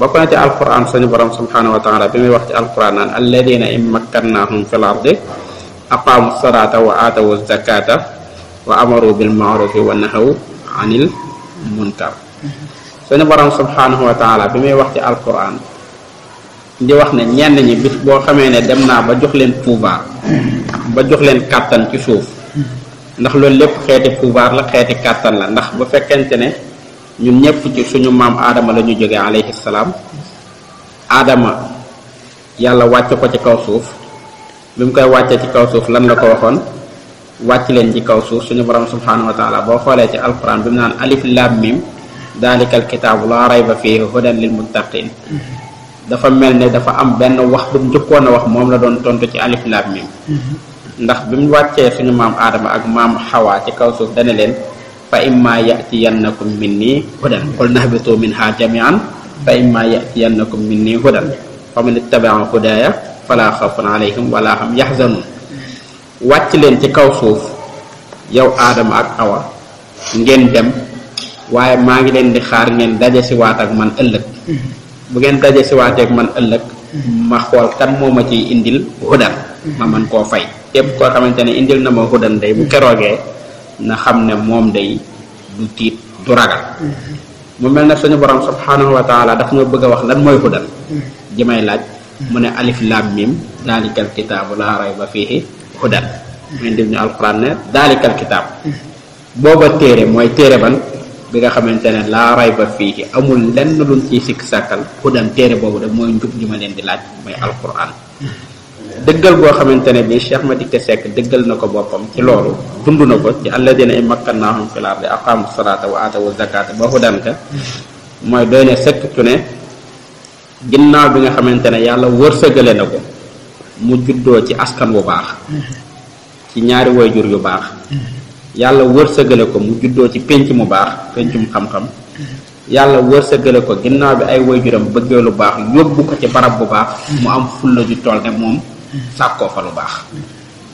بقى نتي القران سني برام سبحانه وتعالى بما وقت القران ان الذين ان مكناهم في الارض اقاموا الصلاه واتوا الزكاه وامروا بالمعروف ونهوا عن المنكر سني برام سبحانه وتعالى بما وقت القران دي واخنا نين ني بيس بو خامي ني دمنا با جوخ لين توبا با جوخ لين كاتان سي سوف ndax lol lepp xéti ñun ñëpp ci suñu maam aadama la ñu jógee alayhi salaam aadama yàlla wàcce ko ci kaw suuf bi mu koy wàccee ci kaw suuf lan la ko waxoon wàcc leen ci kaw suuf suñu borom subhanahu wa taala boo xoolee ci alquran bi mu naan alif lam mim daalikal kitaabu laa rayba fiihi hudan lil muttaqin dafa mel ne dafa am benn wax bu njëkkoon a wax moom la doon tontu ci alif lam mm-hmm. ndax bi mu wàccee suñu maam aadama ak maam xawaa ci kaw suuf dana leen fa imma yatiyannakum minni hudan qulna hbitu minha jami'an fa imma yatiyannakum minni hudan faman ittabaa hudaya fala xawfun alayhim wala hum yaxzanun wàcc leen ci kaw suuf yow aadama ak awa ngeen dem waaye maa ngi leen di xaar ngeen daje si waat ak man ëllëg bu ngeen daje si waatee man ëllëg ma xool kan moo ma ciy indil hudan ma man koo fay képp koo xamante ne indil na ma hudan day bu keroogee na xam ne moom day du tiit du ragal mu mel na suñu borom subhanahu wa taala daf ma bëgg a wax lan mooy hudan ji may laaj mu ne alif lam mim daalikal kitaabu laa rayba fiihi hudan muy def ñu alquran ne daalikal kitaab booba téere mooy téere ban bi nga xamante ne laa ba fiihi amul lenn luñ ciy sikk sàkkal hudan téere boobu de mooy njub ji ma leen di laaj mooy alquran dëggal boo xamante ne bi ma Madické sekk dëggal na ko boppam ci loolu dund na ko ci alladina in makkannahum fil ardi aqamu salata wa atawu zakata ba hudanka mooy doy ne sëkk cu ne ginnaaw bi nga xamante ne yàlla wërsëgale na ko mu juddoo ci askan bu baax ci ñaari jur yu baax yàlla wërsëgale ko mu juddoo ci pénc mu baax péncum xam-xam yàlla wërsëgale ko ginnaaw bi ay wayjuram bëggee lu baax yóbbu ko ci barab bu baax mu am fulla tool ne sakko fa lu jar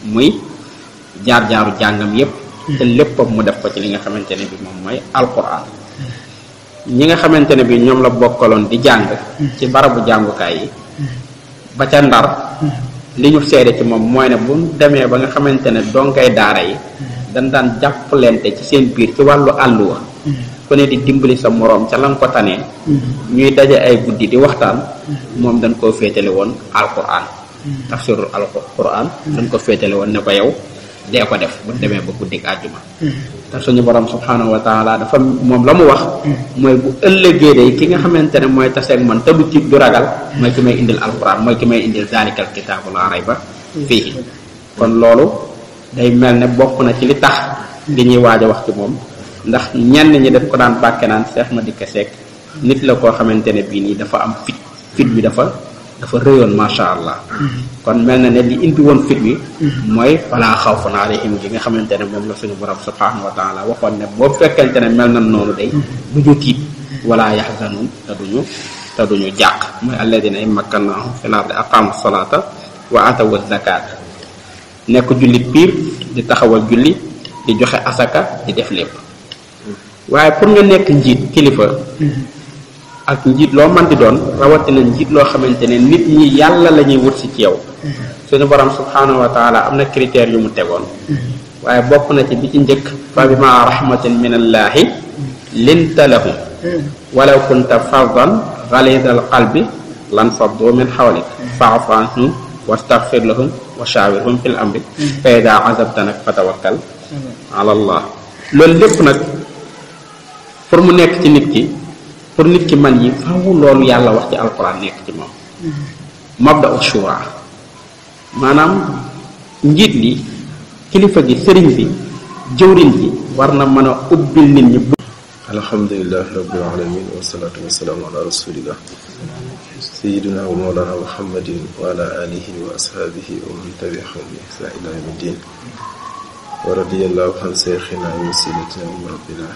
muy jaar-jaaru jangam yeb te leppam mu def ko ci li nga xamantene bi mom moy alquran ñi nga xamantene bi ñom la bokkalon di jang ci barabu jàngukaay yi ba ca ndar li ñu sédé ci mom moy ne bu démé ba nga xamantene ne donkay daara yi dañ daan jappalenté ci seen biir ci allu wa ko ne di dimbali sa morom ca lan ko tané ñuy dajé ay guddi di waxtaan mom dañ ko won alquran tafsirul alquran dañ ko féetale woon ne ko yow de ko def bu demee ba guddik àjjuma te suñu borom subhanahu wa taala dafa moom la mu wax mooy bu ëllëgee de ki nga xamante ne mooy taseeg man te du tiit du ragal mooy ki may indil alquran mooy ki may indil daalikal kitaabu laa ba fii kon loolu day mel ne bokk na ci li tax li ñuy waaj wax ci moom ndax ñenn ñi def ko daan bàkke naan Seex Madicke Seck nit la koo xamante ne bii nii dafa am fit fit bi dafa dafa reyon ma sha Allah kon melna ne li indi won fit wi moy fala khawfun alayhim gi nga xamantene mom la suñu borom subhanahu wa ta'ala waxon ne bo fekkantene melna nonu day duñu tiit wala yahzanun ta duñu ta duñu jaq moy alladina makkanahum fil ardi aqamu salata wa atawu zakat nek julli pir di taxawal julli di joxe asaka di def lepp waye pour nga nek njit kilifa ak njit lo man di don rawati na njit lo xamantene nit ñi yàlla lañuy wut ci yow suñu borom subhanahu wa taala amna critère yu mu tegon waye bokku na ci bi ci njëkk fa bi ma rahmatin min allah lin talahu wala kunta ghalid al fardan غليظ القلب لانفضوا من حولك فاعف عنهم واستغفر لهم وشاورهم في الامر فاذا عزبت نك fatawakkal ala allah lol lepp nak pour mu nek ci nit ki pour nit ki man yi faaw loolu yàlla wax ci alxuraan nekk ci moom mabda u shura maanaam njiit li kilifa gi sëriñ bi jëwriñ bi war na mën
a nit ñi alhamdulilah rabbil alamin wasalaatu wasalaamu ala rasulillah sayidina wa mawlana muhammadin wa ala wa ashaabihi wa man tabiahum bi ihsan ila yawmi wa radiyallahu an sayxina wa sayidina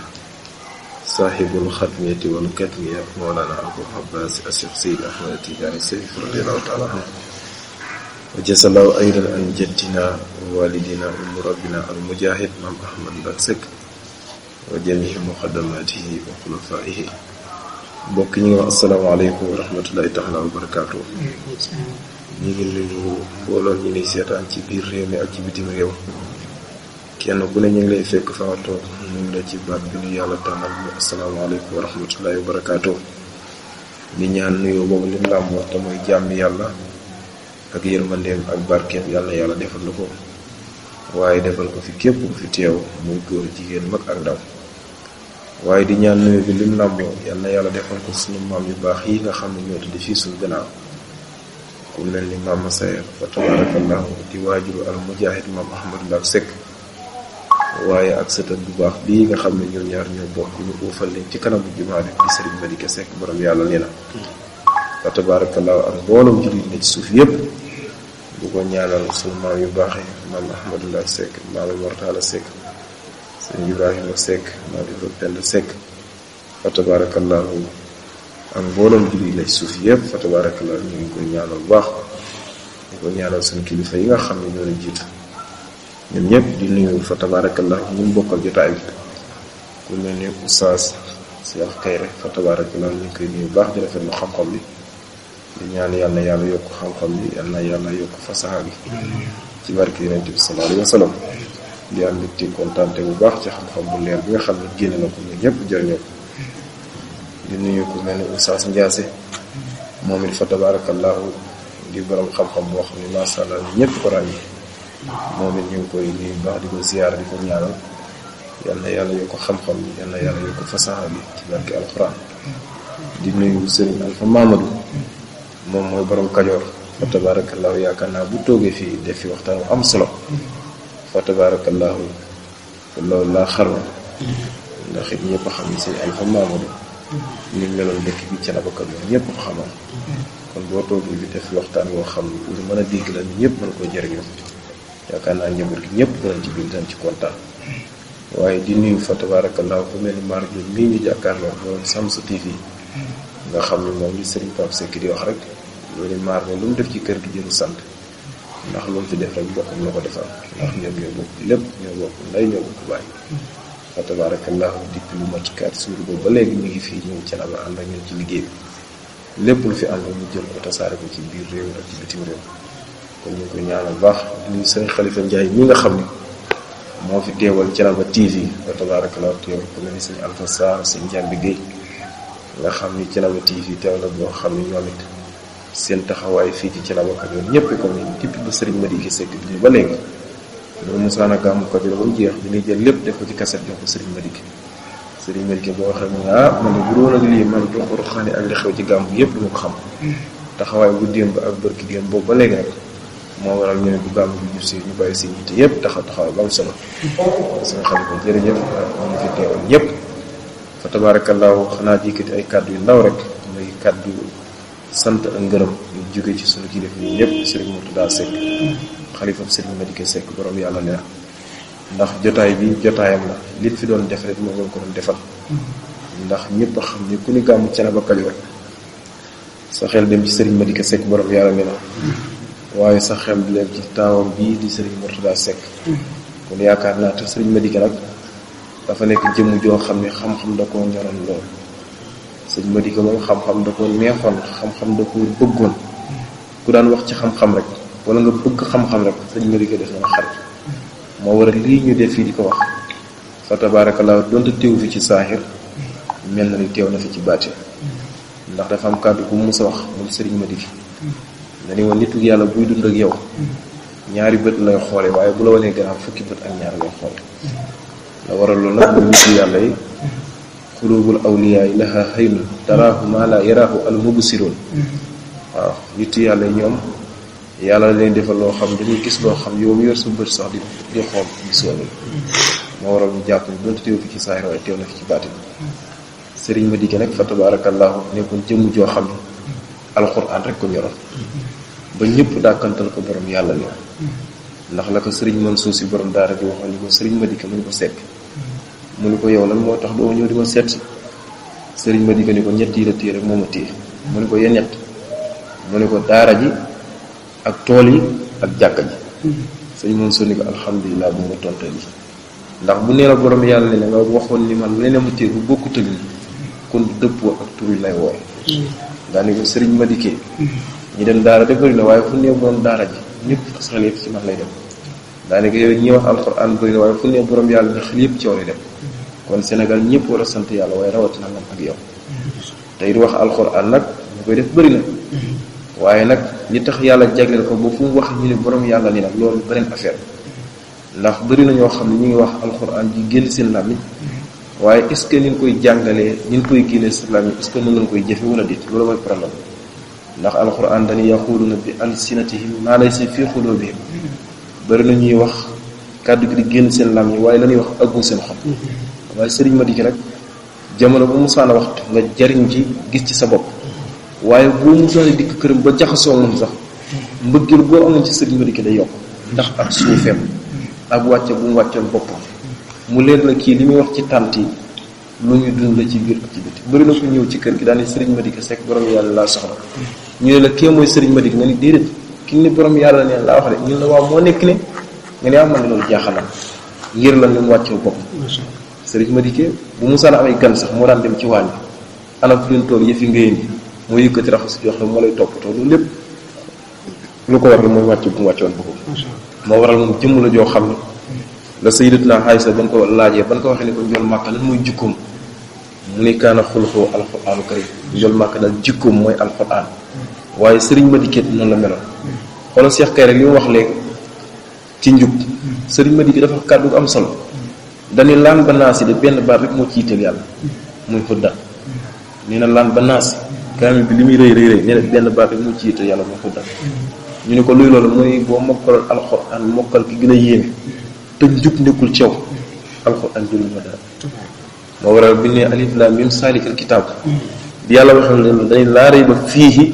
صاحب الختمية والكتمية مولانا أبو العباس الشخصي أحمد تجاري سيف رضي الله تعالى عنه وجزا الله أيضا عن جدنا ووالدنا ومربنا المجاهد مام أحمد بكسك وجميع مقدماته وخلفائه mbokk ñi nga wax asalaamaaleykum wa rahmatulahi taala wa barakaatu ñu ngi nuyu mbooloo ñu ngi seetaan ci biir réew mi ak ci bitim réew kenn ku ne ñu ngi lay fekk fa nga toog ñu ngi la ci baat bi ñu yàlla tànnal bi asalaamaaleykum wa rahmatullahi wa barakaatu di ñaan nuyoo boobu lim làmboo te mooy jàmm yàlla ak yërmandeem ak barkeem yàlla yàlla defal la ko waaye defal ko fi képp ku fi teew muy góor jigéen mag ak ndaw waaye di ñaan nuyoo bi lim làmboo yàlla yàlla defal ko suñu maam yu baax yi nga xam ne ñoo tudd fii suñu gannaaw ku mel ni maam Masayer fa tabarakallahu di waajuru al mujahid maam Ahmad Ndaw Seck waaye ak sëtam bu baax bii nga xam ne ñoom ñaar ñoo bokk ñu uufal leen ci kanamu jumaa bi di Serigne Malick Seck borom yàlla nee na wa tabaarakallaahu ak mbooloom jullit ci suuf yépp bu ko yu baaxee maam Ahmadullah Seck maam Mortala Seck sëñ Ibrahima Seck maam Ibra Penda Seck wa tabaarakallaahu ak mbooloom jullit ci suuf yépp fa tabaarakallaahu ñu ngi koy ñaanal baax ñu ko ñaanal suñu kilifa yi nga xam ne ñoo la jiitu ñu ñëpp di nuyu fa tabarakallah ñu bokkal jotaay bi ku mel ni oustaz Cheikh Kayre fa tabarakallah ñu koy nuyu baax di rafetlu xam-xam bi di ñaan yàlla yàlla yokk xam bi yàlla yàlla yokk fasaha bi ci barke yonent bi sallallahu alayhi wa sallam di bu baax ci xam-xam bu leer bi nga xam ne génn na ko ñun ñëpp di nuyu ku mel ni oustaz Ndiasse moom it fa tabarakallahu di borom xam-xam boo xam ne macha allah ñëpp ko ràññee. moom it ñu ngi koy nuyu baax di ko ziar di ko ñaanal yal na yàlla yokk xam-xam bi yal na yàlla yokk fasaha bi ci barke alquran di nuyu sëriñ alfa mamadou moom mooy borom kajoor fa tabarakallahu yaakaar naa bu toogee fii def fi waxtaan bu am solo fa tabarakallahu loolu laa xaroon ndax it ñëpp xam ni sëriñ alfa mamadou ni meloon dëkk bi ci la ba kajoor ñëpp xamoon kon boo toogee bi def waxtaan woo xam lu mën a dégg la ñëpp mën koo jëriñoo yaakaar naa njaboot gi ñëpp danañ ci biir danañ ci kontaan waaye di nuyu fa tabaarakallaa ku mel ni Mar Diop mii ñu jàkkaarloo moom Shamsu TV nga xam ne wax rek loolu maar ne lu mu def ci kër gi jëru sant ndax lu fi def rek bokkam la ko defal ndax ñoom ñoo bokk lépp ñoo bokk nday ñoo bokk bàyyi fa tabaarakallaahu depuis lu mat quatre jours boobu ba léegi ñu ngi fii ñu ngi ci ànd ak ci liggéey bi lépp lu fi ànd ñu jël ko tasaare ko ci biir réew ak ci bitim réew kon ñu koy ñaanal baax seen nuyu sëñ Xalifa Njaay ñi nga xam ne moo fi teewal Thiénaba TV wa tabarakallah teewal ku mel ni sëñ Alpha Sarr sëñ Njambi Guèye nga xam ni Thiénaba TV teew na boo xam ne ñoom seen taxawaay fii ci Thiénaba ak ñoom ñëpp comme ni depuis ba sëriñ Madické Seck bi ba léegi loolu mosaana gàmmu ko dina ba mu jeex dañuy jël lépp def ko ci kaset jox ko sëriñ Madické sëriñ Madické boo waxee mu ne ah man de ak lii man doxaru xaani ak li xew ci gàmmu yëpp du ma ko xam hmm. taxawaay bu démb ak bërki démb boobu ba léegi moo waral ñu ne bu gàmm bi jub si ñu bàyyi seen yitte yëpp taxaw taxaw ba am solo suñu xam ne jërëjëf ñu ngi fi teewal ñëpp xanaa jikkati ay kàddu yu ndaw rek muy kàddu sant ak ngërëm ñu jóge ci suñu kilifa yi ñëpp Serigne Mourtada Seck xalifam Serigne Madike Seck borom yàlla leer jotaay bi la liñ fi doon def moo ko doon defal ñëpp ku ni gàmmu Thiénaba ci Serigne Madike Seck borom yàlla leer waaye sax xel di leen ci taawam bii di sëriñ Mourtada Seck mm-hmm. kon yaakaar naa te sëriñ Madické nag dafa nekk jëmm joo xam ne xam-xam da koo ñoroon lool sëriñ Madické xam-xam da koo neexoon xam-xam da koo bëggoon mm-hmm. ku daan wax ci xam-xam rek wala nga bëgg xam-xam rek sëriñ Madické def na xarit moo waral lii ñu def fii di ko wax fa tabaarakallaa donte teew fi ci saaxir mm-hmm. mel na ni teew na fi ci baate ndax dafa am kàddu bu mus a wax moom sëriñ Madické dañu won nitu yàlla buy dund ak yow ñaari beut lay xolé waye bu la wone gannaaw fukki beut ak ñaar lay xolé la waral loolu nak mu nitu yàlla yi xulubul awliya ilaha hayl tarahu ma la yarahu al mubsirun wa nitu yàlla ñom yàlla leen defal lo xam dañuy gis lo xam yow yor sa beut sax di di xol gisoo la mo waral ñu jàpp ni donte teew fi ci saahir waaye teew na fi ci baatin serigne ma digge nag fa tabarakallahu nekkul jëmm joo xam alxuraan rek ko ñoroon ñëpp dàkkantal ko borom yàlla li ndax la ko sëriñ Mansuur Si borom daara di waxoon ni ko sëriñ Madika mu ni ko seet yow lan moo tax doo ñëw di ma sëriñ Madika ni ko ñett yi rek moo ma téye ko yenn ñett mu ni ko daara ak tool yi ak jàkka ji sëriñ Mansuur ko alhamdulilah bu ma tontee ndax bu nee la borom yàlla ne nga waxoon ni man leneen mu téye bu bokkut ak ni kon dëppoo ak tur yi lay wooye daanaka sëriñ ma dikkee ñi dem daara de bëri na waaye fu nee borom daara ji ñëpp xasal yëpp ci man lay dem daanaka yow ñi wax alxuraan bëri na waaye yàlla ne xel yëpp ci war dem kon Sénégal ñëpp war a sant yàlla waaye rawatina man ak yow tey wax alxuraan nag ñu koy def bëri na nag li tax yàlla jagleel ko ba fu mu wax ñu ne borom yàlla ni nag loolu beneen affaire ndax bëri na ñoo xam ne ñu ngi wax alxuraan ji génn seen làmmiñ waaye est-ce que ni ñu koy jàngalee ni ñu koy génnee islam yi est-ce que mën nañ koy jëfe wala déet loolu mooy problème ndax alquran dañuy na bi alsinatihim maa laysa fii xuluubihim bari na ñuy wax kàddu gi di génn seen lam yi waaye la ñuy wax àggul seen xol waaye sëriñ ma dikk nag jamono bu musaana waxtu nga jariñ ci gis ci sa bopp waaye boo musaana dikk këram ba jaxasoo moom sax mbëggeel boo amoon ci sëriñ ma dikk day yokk ndax ak suufeem ak wàcce bu mu wàccoon boppam mu leer la kii li muy wax ci tànt yi lu ñu dund la ci biir ak ci biti bëri na ku ñëw ci kër gi daane sëriñ Madick Seck borom yàlla laa soxla ñu ne la kii mooy sëriñ Madick nga ni déedéet ki ni borom yàlla ne laa wax de ñun la waaw moo nekk ne nga ne ah man de loolu na ngir lan lu mu wàccee bopp sëriñ Madick bu mu saan amay gan sax moo daan dem ci waañ bi anam fu leen tool yëf yi ngéyeen bi moo yëkkati raxas jox la moo lay toppatoo loolu lépp lu ko war mooy wàcc bu mu wàccoon boppam moo waral moom jëmm la joo xam ne la sayyidatuna Aïsa ban ko laajee ban ko waxee ne ko njool màkk lan mooy jikkoom mu ni kaana xulxoo alxuraanu karim njool màkk na jikkoom mooy alxuraan waaye sëriñ Madické noonu la meloon xoolal Cheikh Kayre li mu wax léegi ci njug sëriñ Madické dafa kàddu gu am solo dañu laan ba naas yi benn baat rek moo ci yitteel yàlla na laan ba naas bi li muy rëy rëy rëy nee na benn yàlla muy xudda ñu ni ko luy loolu mooy boo mokkal alxuraan mokkal ki gën a yéeme te njub nekkul ci yow alxuraan jëluñu ko dara moo waral bu ñu nee alif laam miim saalikal kitaab bi yàlla waxal leen dañuy laa rayba fiihi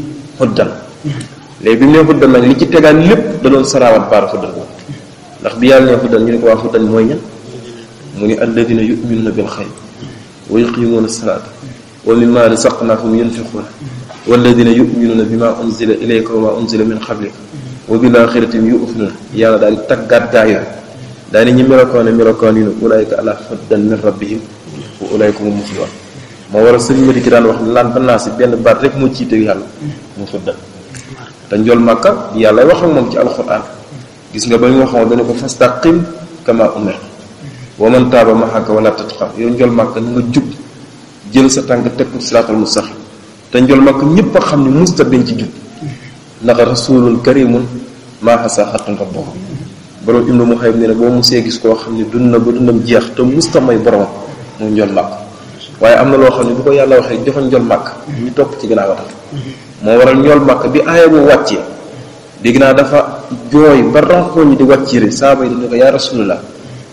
huddan léegi bi mu nee huddan nag li ci tegaan lépp da doon saraawaat baara huddan ndax bi yàlla nee huddan ñu ne ko waa huddan mooy ñan mu ni alladina yuminuuna bil xayb wa yuqimuuna salaata wa mimma razaqnahum yunfiquuna walladina yuminuuna bima unzila ilayka wa ma unzila min qablika wa bil axirati yuminuuna yàlla daal taggaat gaa yooyu dani ñi melokoone melokoon ni nu ulaayka ala faddan min rabbihim wa ulaayka mu muflihun moo waral sëriñ mati ci daan wax lan ba naa si benn baat rek mu ciite yàlla mu faddan ta ñol makka yalla wax ak mom ci alquran gis nga ba ñu waxoon ko fastaqim kama umir wa man taaba maxaka wala tatqa yo ñol makka nga jup jël sa tànk tek ko siraatal mustaxi ta ñol makka ñepp xamni musta ci jup ndax rasulun karimun ma hasa haqqan borom ibnu Muhayb ne ne boo mosee gis koo xam ne dund na ba dundam jeex te musta may borom mu njol màkk waaye am na loo xam ne bu ko yàlla waxee jofa njol màkk mu topp ci ginnaaw watal moo waral njol màkk bi aaya bu wàccee dégg naa dafa jooy ba ranqoo ñi di wàccire saaba yi dañu ko yaa rasulullah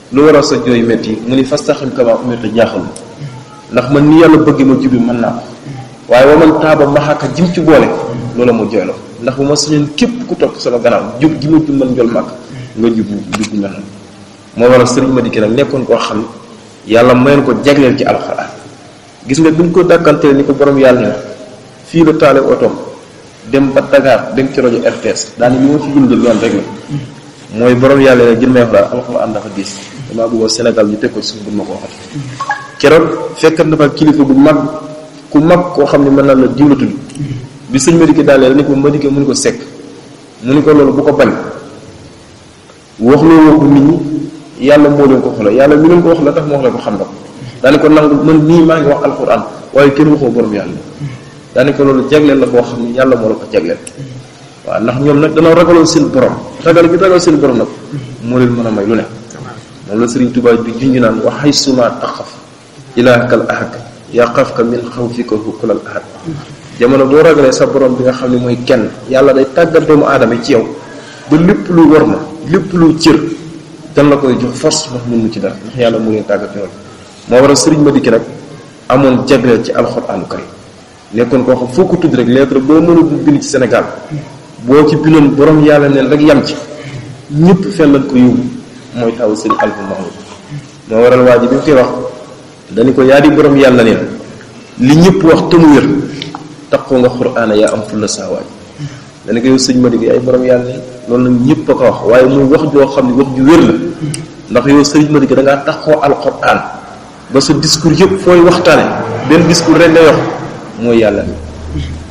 lu waral sa jooy métti mu ni fastaxim kama umirta jaaxalu ndax man ni yàlla bëgg ma jubi mën naa ko waaye wa man taaba maxaaka jim ci boole loola mu jooyloo ndax bu ma sañoon képp ku topp sama gannaaw jub gi ma jub man njol màkk nga jubu jub nga xam moo waral sëriñ Madické nag nekkoon koo xam yàlla mayoon ko jagleel ci alxuraan gis nga bi ko dàkkanteel ni ko borom yàlla ne fii la taale otoom dem ba Dakar dem ci rajo RTS daani li ma mooy borom yàlla ne jëlmee fa alxuraan ñu teg ko suuf bu ma ko bu mag ku mag koo xam ne mën naa la diwlatul bi sëñ Madické daalee la ni ko Madické mu ni ko sekk mu ni ko loolu bu ko bañ wax loo ko nit ñi yàlla moo leen ko wax la yàlla mi leen ko wax la tax moo wax la ko xam na ko daane ko nangul man nii maa ngi wax alxuraan waaye kenn waxoo borom yàlla daane ko loolu jagleel la boo xam ne yàlla moo la ko jagleel waaw ndax ñoom nag danoo ragaloon seen borom ragal gi ragal seen borom nag moo leen mën a may lu ne moom la Sëriñ Tuubaa bi junj naan wa haysuma taxaf ilaakal ahad yaqafka min xawfika hukulal ahad jamono boo ragalee sa borom bi nga xam ne mooy kenn yàlla day tàggat doomu aadama ci yow ba lépp lu war ma lépp lu cër dan la koy jox force wax mënu ci dara ndax yàlla mu ngi tàggat yoon moo waral sëriñ ma dikki nag amoon jagleel ci alxuraanu karim nekkoon koo xam foo ko tudd rek lettre boo mën a bind ci sénégal boo ci bindoon borom yàlla neen rek yam ci ñëpp fenlan ko yóbbu mooy taw sëriñ alfa mahmoud moo waral waa ji bi mu koy wax dañu ko yaa di borom yàlla neen li ñëpp wax te mu wér taqoo nga qur'ana ya am fulla saawaaj dañu ko yow sëriñ ma digg ay borom yàlla neen loolu nag ñëpp a ko wax waaye muy wax joo xam ne wax ju wér la ndax yow sëriñ ma digg da ngaa taxoo alquran ba sa discours yëpp fooy waxtaane benn discours rek ngay wax mooy yàlla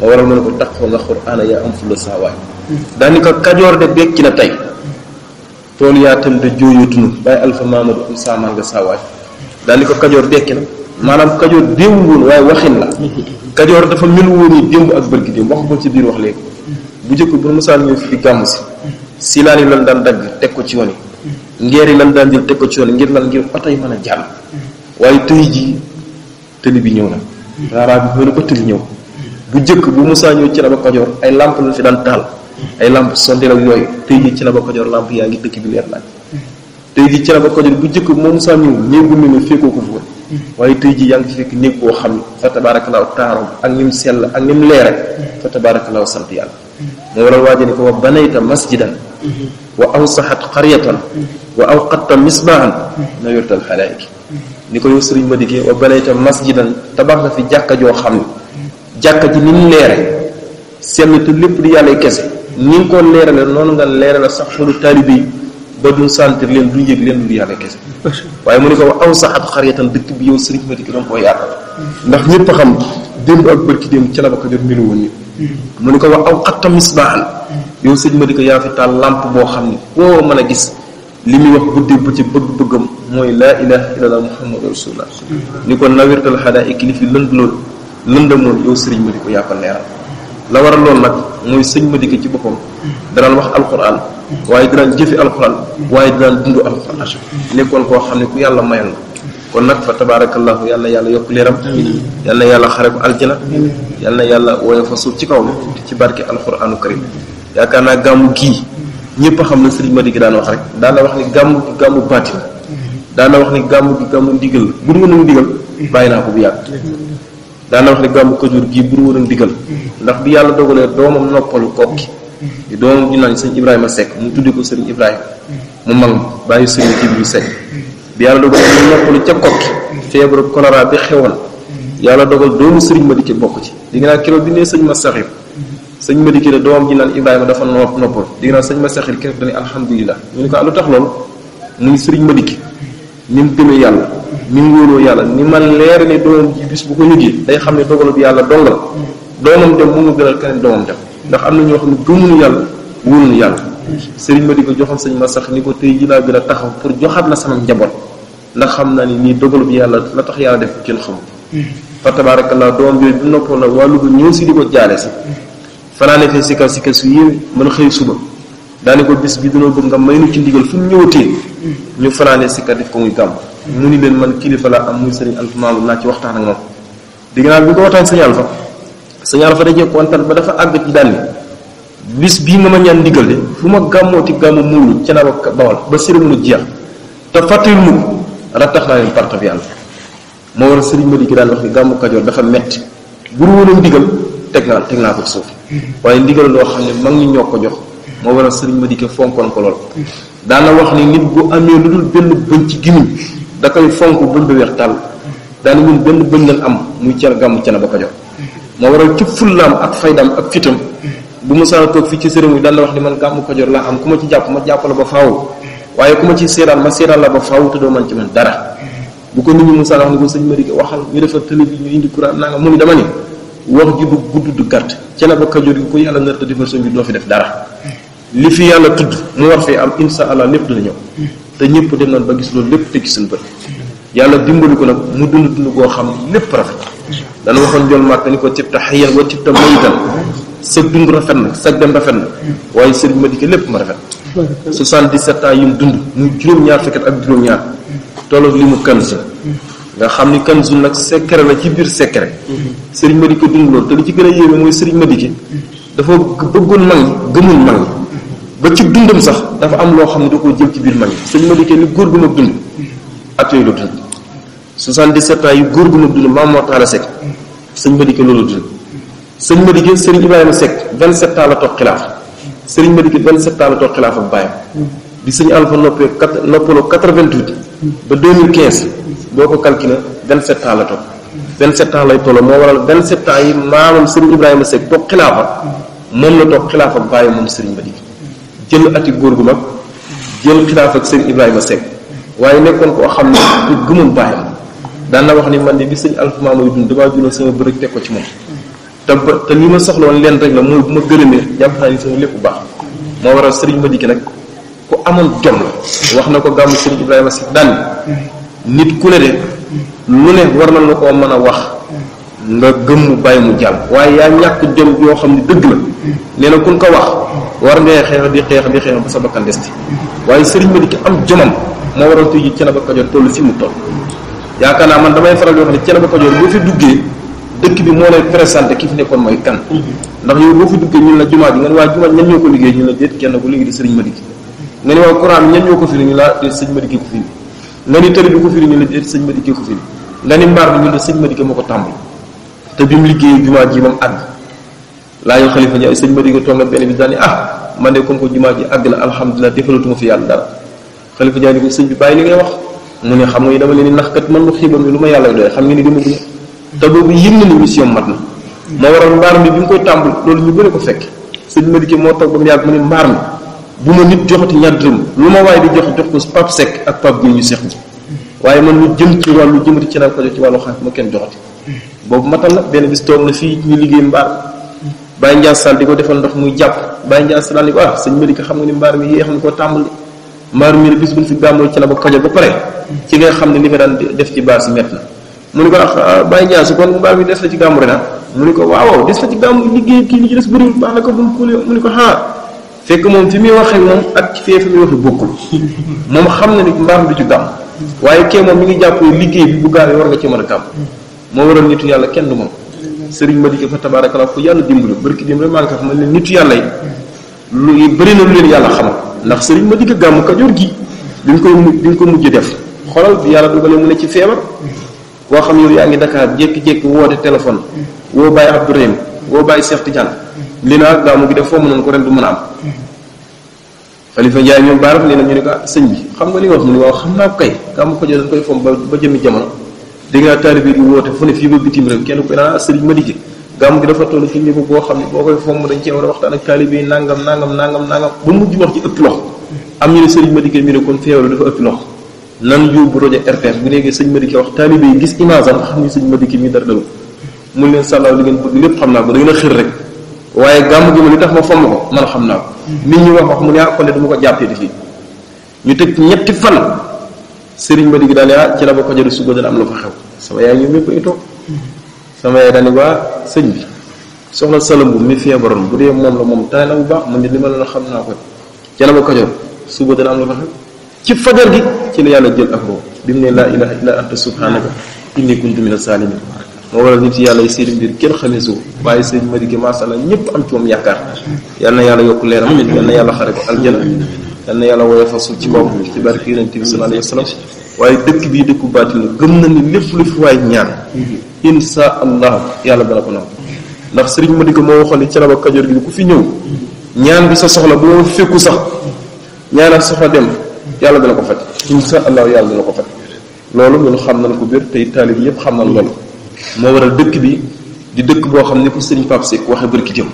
moo waral ma ne ko taxoo nga quran yaa am fulla saa waay daani ko kajoor de bekki na tey tool yaa tam de jooyatunu bàyyi alfa mamadou am saamaa nga saa waay daani ko kajoor dekki na maanaam kajoor déewul woon waaye waxin la kajoor dafa mel woon ni démb ak bërki démb wax ko ci biir wax léegi bu jëkk bu musaan ñëw fi di gàmm si silaan yi lan daan dagg teg ko ci yoon yi ngeer yi lan daan jël teg ko ci yoon yi ngir lan ngir oto yi a jàll waaye tey jii tëli bi ñëw na raaraa bi bëri ba tëli ñëw bu jëkk bu musaa ñëw ci la ba kajoor ay làmp lañ fi daan taal ay làmp sondeel ak yooyu tey jii ci la ba kajoor làmp yaa ngi dëkk bi leer nañ tey jii ci la ba kajoor bu jëkk bu musaa ñëw ñëw bu mel ne feekoo ko fóon waaye tey ji yaa ngi ci fekk néeg boo xam ne fa tabaarakallaahu taaram ak ni mu sell ak ni mu leere fa sant yàlla mm-hmm. day waral waaje ni ko wa banayta masjidan mm-hmm. wa awsaxat qaryatan mm-hmm. wa awqatta misbaahan nawirtal xalaayiki ni ko yow sëriñ ma dikkee wa banayta masjidan tabax nga fi jàkka joo xam ne jàkka ji ni mu leere sell te lépp di yàlla kese ni nga ko leerale noonu nga leerale sax xolu taalibe ba duñ sentir leen duñ yëg leen lu yàlla kese waaye mu ne ko wax aw saxat xariatan dëkk bi yow sëriñ Madi ko doon koo yaatal ndax ñëpp a xam démb ak bërki démb ci la ba ko jot melu woon ni mu ne ko wax aw xatta misbaaxan yow sëriñ di ko yaa fi taal lampe boo xam ne koo mën a gis li muy wax guddee bu ci bëgg-bëggam mooy laa ilaha illallah muhammadu rasulullah ni ko nawirtal xadaa i kilifi lënd lool lëndamoon yow sëriñ di ko yaa ko leeral la waral lool nag mooy sëñ Madi ko ci boppam danaan wax alquran waaye dinaan jëfi alxuraan waaye dinaan dund alxuraan nekkoon koo xam ne ku yàlla mayal la kon nag fa tabaarakallahu yàlla yàlla yokk leeram yàlla yàlla xare ko aljana yàlla yàlla wooye fa suuf ci kaw la ci barke alxuraanu karim yaakaar naa gàmmu gii ñëpp xam na sëriñ Madi gi daan wax rek daan na wax ni gàmmu gi gàmmu baatin la daan wax ni gàmmu gi gàmmu ndigal la bu dul woon ndigal bàyyi naa ko bu yàgg daan na wax ni gàmmu kajoor gii bu dul woon ndigal ndax bi yàlla dogalee doomam noppalu kokki di doomam ju naan sëñ Ibrahima Seck mu tudde ko sëriñ Ibrahima mu mag bàyyi sëriñ Jibril Seck bi yàlla dogal mu noppalu ca kokki feebaru bi yàlla dogal doomu sëriñ Madike bokk ci di nga naan keroog bi nee sëñ ma saxir sëñ Madike la doomam ji naan Ibrahima dafa nopp noppal di nga sëñ ma saxir keroog dañuy alhamdulilah ñu ne ko ah lu tax loolu mu ngi sëriñ Madike ni mu gëmee yàlla ni mu wóoloo yàlla ni ma leer ne doomam ji bu ko yëgee day xam ne dogalu bi yàlla dongal doomam dem mu mu gënal keneen doomam ndax am na ñoo xam ne gëmuñu yàlla wóoluñu yàlla sëriñ ma di ko joxoon sañ ma sax ni ko tey ji laa gën a taxaw pour joxaat na sama njaboot ndax xam naa ni nii dogalu yàlla la tax yàlla def kenn xamul fa tabaarakallaa doom yooyu bu noppoon na waa Louga ñëw si di ko jaale si fanaane fee si kar si kar su yéeme mën xëy suba daane ko bis bi dina bëgg nga may nu ci ndigal fu ñu ñëwatee ñu fanaane si kar def ko muy gàmm mu ni leen man kilifa la am muy sëriñ Alfa naa ci waxtaan ak moom digg naa bi ko waxtaan sëñ Alfa sa yàlla fa dajé kontaan ba dafa ag ci dal bis bi nga ma ñaan ndigal de fu ma gamu gàmmu ci na nawa bawal ba sëriñ mu jeex ta fàttil mu rattax naa leen parta bi yalla mo wara sëriñ mu dikki wax ni gàmmu kajoor dafa metti bu ñu wone ndigal tek na tek na ko suuf waye ndigal lo xamni ne mag ñi ñoo jox mo wara sëriñ mu dikki fonkon ko da daana wax ni nit bu amé lu dul benn bëñ ci gimi da koy fonk bëñ ba weex tàll daana ñun benn bëñ lañ am muy ci gamu ci na ba jox moo waral ci fullaam ak faydaam ak fitam bu musaa toog fii ci sëriñ bi daan la wax ni man gàmmu Kajoor laa am ku ma ci jàpp ma jàpp la ba faaw waaye ku ma ci seetaan ma seetaan la ba faaw te doo man ci man dara bu ko nit ñi musaa wax ni ko sëñ Madické waxal ñu defar télé bi ñu indi courant naa nga mu ni dama ni wax ji du gudd du gàtt ca na ba Kajoor gi ko yàlla nar a defar sëñ bi doo fi def dara li fi yàlla tudd mu war fee am insha allah lépp dina ñëw te ñëpp dem nañ ba gis loolu lépp te gis seen yàlla dimbali ko nag mu dund dund koo xam lépp rafet dana waxoon jol maag dañu ko tax tibta xayan wa tibta mayitan sag dund rafet na sag dem rafet na waaye sëñ bi ma dikkee lépp ma rafet 77 ans yu mu dund muy juróom-ñaar fekkat ak juróom-ñaar tolloog li mu kan kanzu nga xam ni kanzu nag secret la ci biir secret sëriñ ma dikkee dund loolu te li ci gën a yéeme mooy sëriñ ma dikkee dafa bëggoon mag ñi gëmul mag ñi ba ci dundam sax dafa am loo xam ne da koo jël ci biir mag ñi sëriñ ma dikkee ni góor gu dund at 77 ans yu góor gu ma dund maam Mor Talla Seck sëñ Madické loolu dund sëñ Madické sëriñ Ibrahima Seck 27 ans la toog xilaaf sëriñ Madické 27 ans la toog xilaaf ak bàyyam bi sëñ Alpha noppee quatre noppaloo 88 ba 2015 boo ko calculé 27 ans la toog 27 ans lay tolloo moo waral 27 ans yi maamam sëriñ Ibrahima Seck toog moom la toog xilaaf ak bàyyam moom sëriñ Madické jël ati góor gu mag jël xilaaf ak sëriñ Ibrahima Seck waaye nekkoon koo xam ne ku gëmoon bàyyam daan wax ni man de bi sëñ Alfama mooy dund damaa juróom sama bërëg teg ko ci moom te ba te li ma soxla woon leen rek la mooy bu ma gërëmee jàpp naa ni sama lépp baax moo waral sëriñ ma dikki nag ku amoon jom wax na ko gàmmu sëriñ Ibrahima si daan nit ku ne de lu ne war na la koo mën a wax nga mu bàyyi mu jàll waaye yaa ñàkk jom yoo xam ne dëgg la nee na kun ko wax war ngay xeex di xeex di xeex ba sa bakkan des ci waaye sëriñ ma dikki am jomam moo war a ji ci na ba Kajoor tollu fi mu toll yaakaar naa man damay faral di wax ne Thiénaba Kajoor boo fi duggee dëkk bi moo lay présenté ki fi nekkoon mooy kan mhm. ndax yow boo fi duggee ñun la jumaa ji nga ne waa jumaa ji ñan ñoo ko liggéey ñun la déet kenn ko liggéey la déet sëñ Madiki ko firi nga ni tëri bi ko firi ñu ko firi nga ni mbaar bi ñu la sëñ Madiki moo ko tàmbali te bi mu jumaa ji moom àgg laa yow xalifa ñi sëñ Madiki toog na benn bi daal ni ah man de comme ko jumaa ji àgg na alhamdulilah defalatuma fi yàlla dara xalifa ñaa ni ko sëñ wax mu ne xam nga dama leen nax kat man lu xibam lu ma yàlla doy xam nga ni dama guñ te boobu yëg na ni mission mat na moo waral mbaar mi bi mu koy tàmbal loolu ñu bëri ko fekk sëñ Madické moo toog ba mu yàgg mu ne mbaar mi bu ma nit joxati ñaar lu ma waay di jox jox ko pap sec ak pap gi ñu seq ji waaye man lu jëm ci wàllu jëm ci naan ko jox ci wàllu xaalis ma kenn joxati boobu matal la benn bis toog na fii ñu liggéey mbaar bàyyi njaas sal di ko defal ndox muy jàpp bàyyi njaas sal di ko ah sëñ Madické xam nga ni mbaar mi yéex na ko tàmbali maar mi bis buñ fi gàmmoo ci la ba kajo ba pare ci nga xam ne li nga daan def ci baas yi mett na mu ni ko ah, ah bàyyi jaasu kon mbaar mi des na ci gàmmu rek ah. mu ni ko waaw des na ci gàmmu liggéey kii li ci des bëriwul baax na ko bu mu kuulee ko xaar ah, fekk moom fi muy waxee moom ak fee fi muy waxee bokkul moom xam na ni mbaar du ci gàmm waaye kee moom mi ngi jàpp liggéey bi bu gaawee war nga ci mën a gàmm moo waral nitu yàlla kenn du moom sëriñ ma dikk fa tabaarakalla ko yàlla dimbali barki dimbali maa ngi ko xam ne nitu yàlla yi lu bëri na lu leen yàlla xamal ndax sëriñ ma digg gàmm kajoor gi duñ koy mu duñ ko mujj def xoolal bi yàlla dugalee mu ne ci feebar koo xam yow yaa ngi Dakar jékki-jékki woote téléphone woo bàyyi Abdourahim woo bàyyi Cheikh Tidiane li naa gàmm gi def foo mën mënoon ko ren du mën a am Xalifa Njaay ñoom baaram ne na ñu ne ko ah, sëñ bi xam nga li nga wax mu ne waaw xam naa ko kay gàmm kajoor dañ koy fom ba ba jëmi jamono dégg naa taalibe bi woote fu ne fii ba bitim réew kenn ko naa ah, sëriñ gàmm gi dafa toll ci niveau boo xam ne boo koy fomm dañ cee war a waxtaan ak taalibe yi nangam nangam nangam nangam ba mujj wax ci ëpp loxo am ñu ne sëriñ Madické mi ne kon feebar dafa ëpp loxo nan yóbbu rajo RTS xam ni sëñ Madické mi dara dalu mun leen sàllaaw li a xër rek ma li tax ma xam naa ko nit ñi wax wax mu ne ah dama ko jàppee di fii ñu teg ñetti fan sëriñ Madické daal ah ci la ba ko jëri suba am la fa xew sama yaay ñoom ñëpp ay toog sama yaay daal ni waa sëñ bi soxna salambu mi feebaroon bu dee moom la moom tay na bu baax mu ne li ma la xam naa ko jana ba kajoor suba dana am lu ko xew ci fajar gi ci la yàlla jël ak roo bi mu ne laa ilaha illa anta subhanaka inni kuntu min asalimin moo waral nit yàlla yi seen mbir kenn xamee soo bàyyi sëñ madike masala ñëpp am ci moom yaakaar yal na yàlla yokk leeram yal na yàlla xare ko aljana yal na yàlla woyofal suuf ci kaw ci barke yonente bi sallallahu alayhi wa sallam waaye dëkk bii dëkku baatin na gëm na ni lépp lu fi waay ñaan insha allah yàlla dana ko nangu ndax sëriñ ma di ko moo waxoon ne caraba kajoor gi ku fi ñëw ñaan bi sa soxla bu ma fekku sax ñaanal soxla dem yàlla dana ko faj insha allah yàlla dana ko faj loolu loolu xam nañ ko biir tey taalib yépp xam nañ loolu moo waral dëkk bi di dëkk boo xam ne ko sëriñ Pape Seck waxe bërki jëm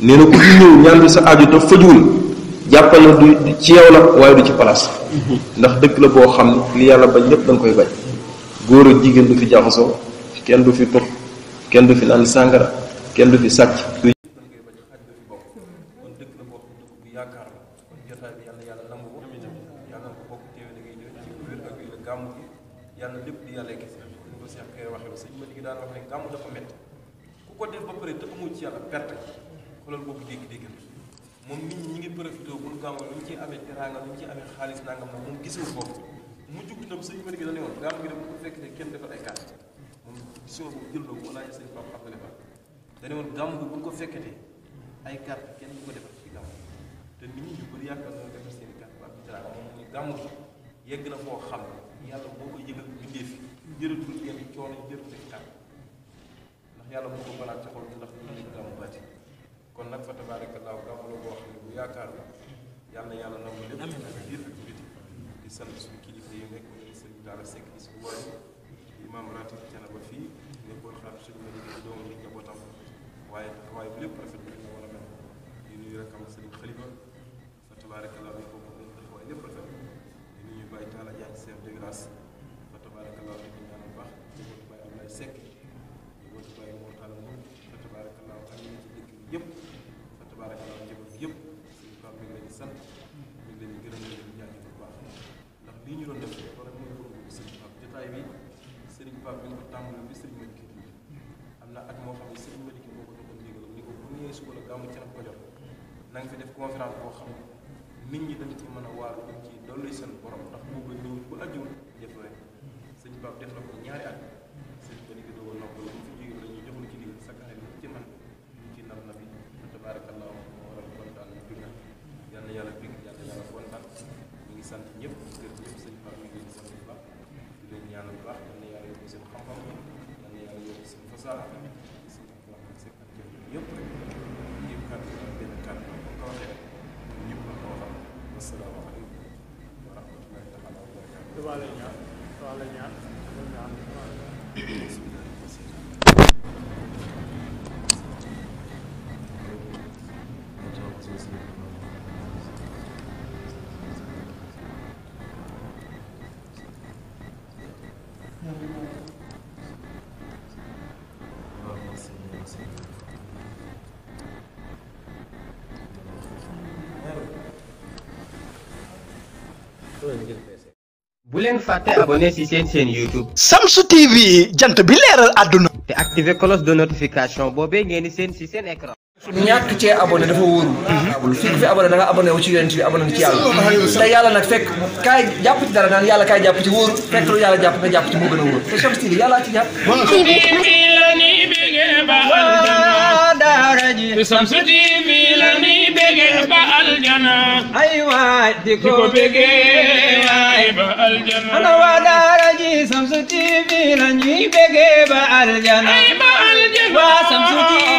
nee na ku fi ñëw ñaan bi sa aajo te fajuwul jàppal na du ci yow la waaye du ci place ndax dëkk la boo xam li yàlla bañ lépp dañ koy bañ góor ak jigéen du fi jaxasoo kenn du fi tux kenn du fi naan sàngara kenn du fi sàcc di yàlla gis ko seex kay waxe sëñ ma digi daan def ba pare te ci yàlla perte boobu dégg moom nit ñi ñu ngi profité bu gàmmu lu ñu ci amee teraanga lu ñu ci amee xaalis nangam nag moom gisul ko mu jug itam sëñ mari gi da ne woon gàmmu gi kenn defal ay carte moom gisoo ko jël ko wala sëñ Pape Abdoulaye Fall da woon gàmmu gi ko fekkatee ay carte kenn ko defal te nit ñu bëri yaakaar na seen i carte ba am teraanga moom ñu na foo xam ne yàlla boo ko yëgal bindee fi di yenn coono jërëtul carte ndax yàlla moo ko balaat ci xol ndax ñu lañ gàmmu baati kon nag fa tabaarakallaahu gàmmu boo xam ne bu yaakaar la yàlla na yàlla nangu lépp ci biir ak biti di sant suñu kilifa yi nekk sëriñ Talla Seck di suñu wàllu imam ratib cana ba fii nekkoon xaatu suñu ma liggéey doom yi njabootam waaye taxawaay bi lépp rafet bi nga war a mel di nuyu rakam sëriñ xalifa fa tabaarakallaahu ñu ko moom taxawaay lépp rafet di nuyu bàyyi Talla Diagne chef de village lii ñu doon def wala mooy boobu Serigne Pape jotaay bi Serigne Pape bi ñu ko tàmbali bi kii Malick bi am na at moo xam ne Serigne Malick moo ko doon ndigal ni ko bu ñëwee suba la gàmmu ci ko jox na fi def conférence boo xam ne nit ñi dañ ci mën a waaru dañ ci dolli seen borom ndax boobu ñëw bu ajjul def rek Serigne Pape def na ko ñaari at
bu leen fàtte abonné ci seen seen YouTube. Samsu TV jant bi leeral àdduna. activé cloche de notification boobee ngeen di seen ci seen écran. ñàkk
cee abonné dafa wóorul. abul fii ku fi abonné da nga abonné wu ci yonent bi abonné ci yàlla. te yàlla nag fekk kaay jàpp ci dara naan yàlla kaay jàpp ci wóorul mhm. fekk lu yàlla jàpp ci moo gën a wóor Samsu TV yàllaa ci jàpp. Samsu TV. bégee ba
di ko bégee
waay
ba aljana ana waa
daara ji Shamsu TV la ñuy bégee ba aljana ay ba aljana waa Shamsu TV